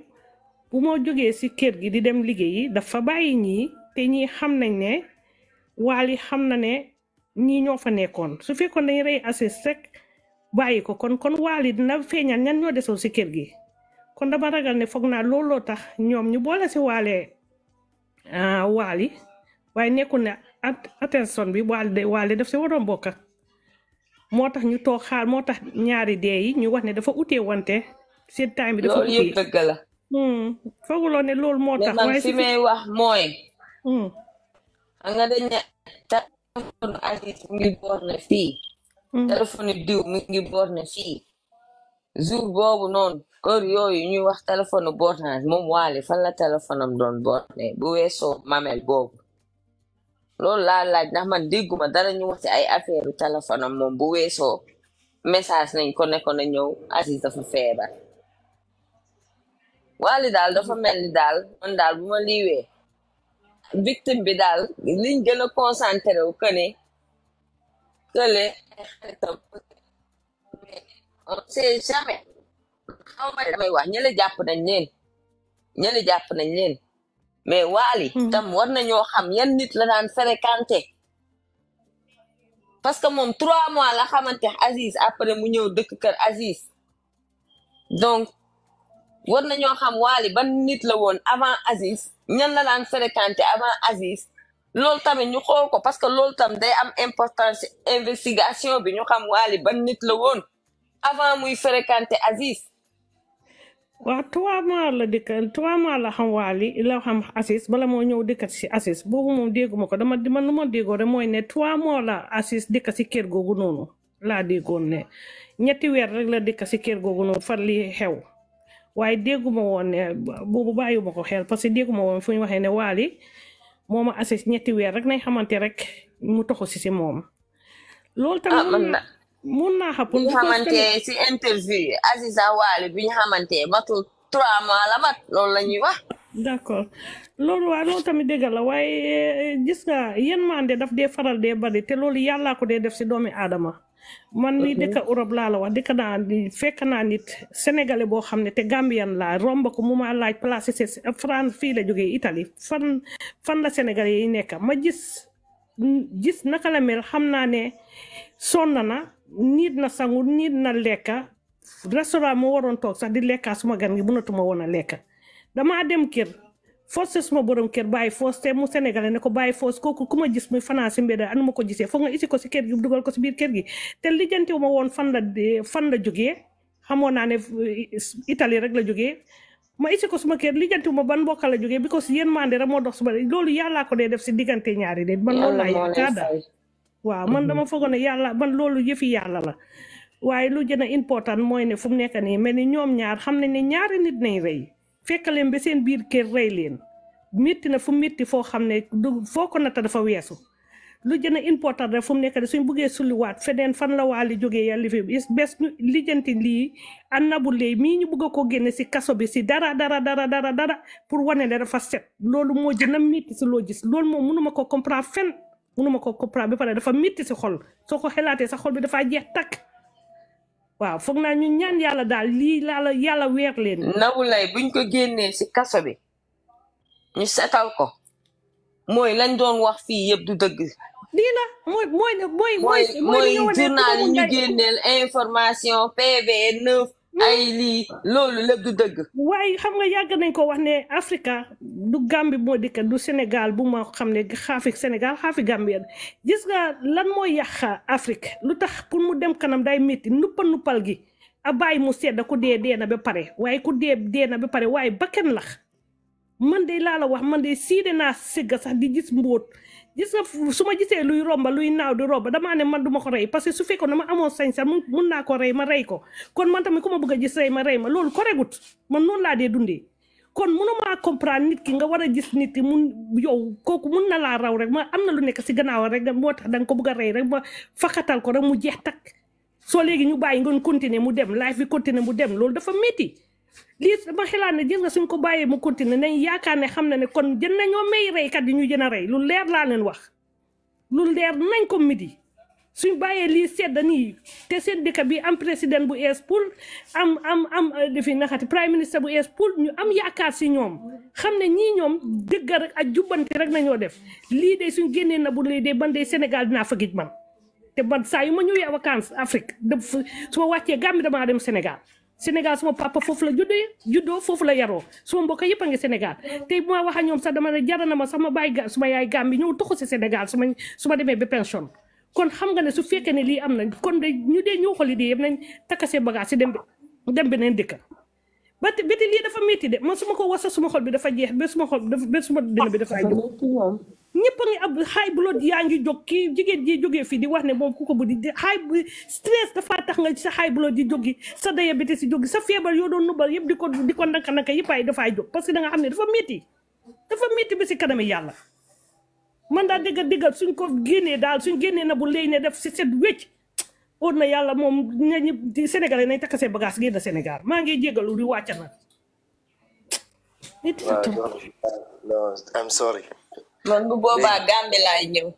bu moo jógee si kër gi di dem liggéeyi dafa bàyyi ñii te ñii xam nañ ne Wally xam na ne ñii ñoo fa nekkoon su fekkoon dañ rey Aziz rek bàyyi ko kon kon Wally dina feeñal ñan ñoo desoo si kër gi kon dama ragal ne foog naa lool looloo tax ñoom ñu boole si waale euh, Wally waaye nekkul na attention bi Wally Wally daf si waroon bokk moo tax ñu toog xaar moo tax ñaari dee yi ñu wax ne dafa utee wante seen time bi dafa utee loolu yëpp hmm, moo tax. waaye si may wax mooy. Hmm. xam nga dañ ne téléphone Aziz mi ngi boor ne fii. Hmm. téléphone diw mi ngi boor ne fii. jour boobu noonu heure yooyu ñuy wax téléphone bornage moom Wally fan la téléphone am doon borne bu weesoo mamel boobu. loolu laa laaj ndax man dégguma dara ñu wax ci ay affaire téléphone am moom bu weesoo message nañ ko nekkoon na ñëw Aziz dafa feebar waali daal dafa mel ni daal man daal bu ma liiwee victime bi daal liñ gën a concentré wu que kële xaritam jamais ma damay wax ñële jàpp nañ leen ñële jàpp nañ leen mais Wally mhm. tam war nañoo xam yan nit la daan fréquenté parce que moom trois mois la xamante Aziz après mu ñëw dëkk kër Aziz donc war nañoo xam Wally ban nit la woon avant Aziz ñan la daan fréquenté avant Aziz loolu tamit ñu xool ko parce que loolu tam day am importance investigation bi ñu xam Wally ban nit la woon avant muy fréquenté Aziz waaw trois mois la dikk trois mois la xam waali la xam Aziz bala moo ñëw dikkat si Aziz boobu moom dégguma ko dama man lu ma déggoo rek mooy ne trois mois la Aziz dikk si kër googu noonu laa déggoon ne ñetti weer rek la dikk si kër googu noonu far li xew waaye dégguma woon ne boobu bàyyiwuma ko xel parce que dégguma woon fu ñu waxee ne waali mooma Aziz ñetti weer rek nañ xamante rek mu toxu si si moom loolu tamit ah, mun naa xapun bi ñu xamante si interview Aziza Wali bi ñu xamante matul trois mois la mat loolu la ñuy wax d' loolu la waaye eh, gis nga yan mande daf dee faral de bari te loolu yàllaa ko dee def si doomi aadama man ni mhm. dëkk Europe laa la wax dëkk naa fekk naa nit sénégalais boo xam ne te gàmbiyan laa romb ko mu ma laaj place si France fii la jógee itali fan la sénégalais yi nekk ma gis gis naka la mel xam naa ne sonn na niit na sangu nit na lekka restaurant moo waroon toog sax di lekka suma gan gi mënatuma woon a lekka damaa dem kër force suma borom kër bàyyi force te mu sénégalais ne ko bàyyi force kooku ku ma gis muy fanaan si mbedd anuma ko gisee foog nga isi ko si kër gi dugal ko si biir kër gi te lijjantiwu ma woon fan la fan la jógee xamoon naa ne eh, itali rek la jógee ma isi ko suma kër lijjantiwu ma ban mbokk la jógee because yéen mande rek moo dox suma loolu yàllaa ko dee def si diggante ñaari de man loolu laa waaw man mm-hmm. dama foogoon ne yàlla man loolu yëfi yàlla la waaye lu jën a important mooy ne fu mu nekk nii mel ni ñoom ñaar xam ne ne ñaari nit nañ rey fekk leen ba seen biir kër rey leen métti na fu métti foo xam ne du foo ko natta dafa weesu lu gën a important fu mu nekk nii suñ buggee sulliwaat feneen fan la waali jógee yàlla fi bés lijjanti lii annabu lay mii ñu bugg a ko génne si kaso bi si dara dara dara dara dara pour wane ne dafa set loolu moo jën a métti si loo gis loolu moom mënuma ko comprendre fenn mënuma ko comprendre ba pare dafa métti si xol soo ko xelaatee sa xol bi dafaa jeex takk waaw foog naa ñu ñaan yàlla daal lii laala yàlla weer leen. nawulay buñ ko génnee si kaso bi ñu setal ko mooy lañ doon wax fii yëpp du dëgg. lii la mooy mooy mooy. mooy mooy journal yi ñu génneel information PV neuf ay lii loolu lépp du dëgg. waaye xam nga yàgg nañ ko wax ne Africa du gàmbi moo dikk du Sénégal bu ma xam ne xaafi Sénégal xaafi Gambie gis nga lan mooy yàq Afrique lu tax pour mu dem kanam day métti nuppa nuppal gi a bàyyi mu sedd ku dee dee na ba pare waaye ku dee dee na ba pare waaye ba kenn lax man de laa la wax man de siide naa sëgga sax di gis mbóot. gis nga su ma gisee luy romba luy naaw di romba damaa ne man du ma ko rey parce que su fekkoon ne ma amoon sañ-sañ mun naa ko rey ma rey ko kon man tamit ku ma bëgg a gis rey ma rey ma loolu ko man noonu laa dee dundee kon mënumaa comprendre nit ki nga war a gis nit ki mun yow kooku mun na laa raw rek ma am na lu nekk si gannaaw rek moo tax da ko bëgg a rey rek ma faxatal ko rek mu jeex takk soo léegi ñu bàyyi ngoon continuer mu dem life fi continuer mu dem loolu dafa métti lii dama xalaat ne gis nga suñ ko bàyyee mu continuer nañ yaakaar ne xam na ne kon jën nañoo may reykat yi ñu jën a rey lu leer laa leen wax lu leer nañ ko midi suñ bàyyee lii sedd nii te seen dëkk bi am président bu ees pour am am am euh, defi naxati prime ministre bu ees pour ñu am yaakaar si ñoom xam ne ñii ñoom dëgg rek ak jubbanti rek nañoo def lii de suñ génnee na bu lii de ban de Sénégal dinaa fa gis man te ban saa yu ma ñëwee vacances Afrique def su ma wàccee Gambie damaa dem Sénégal suma papa foofu la juddee juddoo foofu la yaroo suma mbokk yëpp a ngi Sénégal tey maa ma wax ak ñoom sax dama ne jar na ma sama baay ga suma yaay Gàmbi ñëw toxu si Sénégal su ma su ma demee ba pension kon xam nga ne su fekkee ne lii am na kon de ñu dee ñoo xool yi di yëpp nañ takkasee bagage si dem bi dem beneen dëkk ba te lii dafa métti de man su ma ko wasa suma xol bi dafa jeex ba suma xol ba suma dina bi dafa jóg ñëpp a ngi ab high blood yaa ngi jóg kii jigéen ji jógee fii di wax ne moom ku ko di buddi high stress dafa tax nga sa xaay blood yi jógi sa diabète si jógi sa feebar yoo doon nubal yëpp di ko di ko ndanka ndanka yëpp ay dafay jóg parce que da nga xam ne dafa métti dafa métti bi si kanam yàlla man daa dégg déggal suñ ko génnee daal suñ génnee na bu lay ne def si set wécc wóor na yàlla moom ñañu sénégalais nañ takk seen bagage génn Sénégal maa ngi jégalu di wàcc na. waaw non I'm sorry. man bu boobaa Gambie ñëw.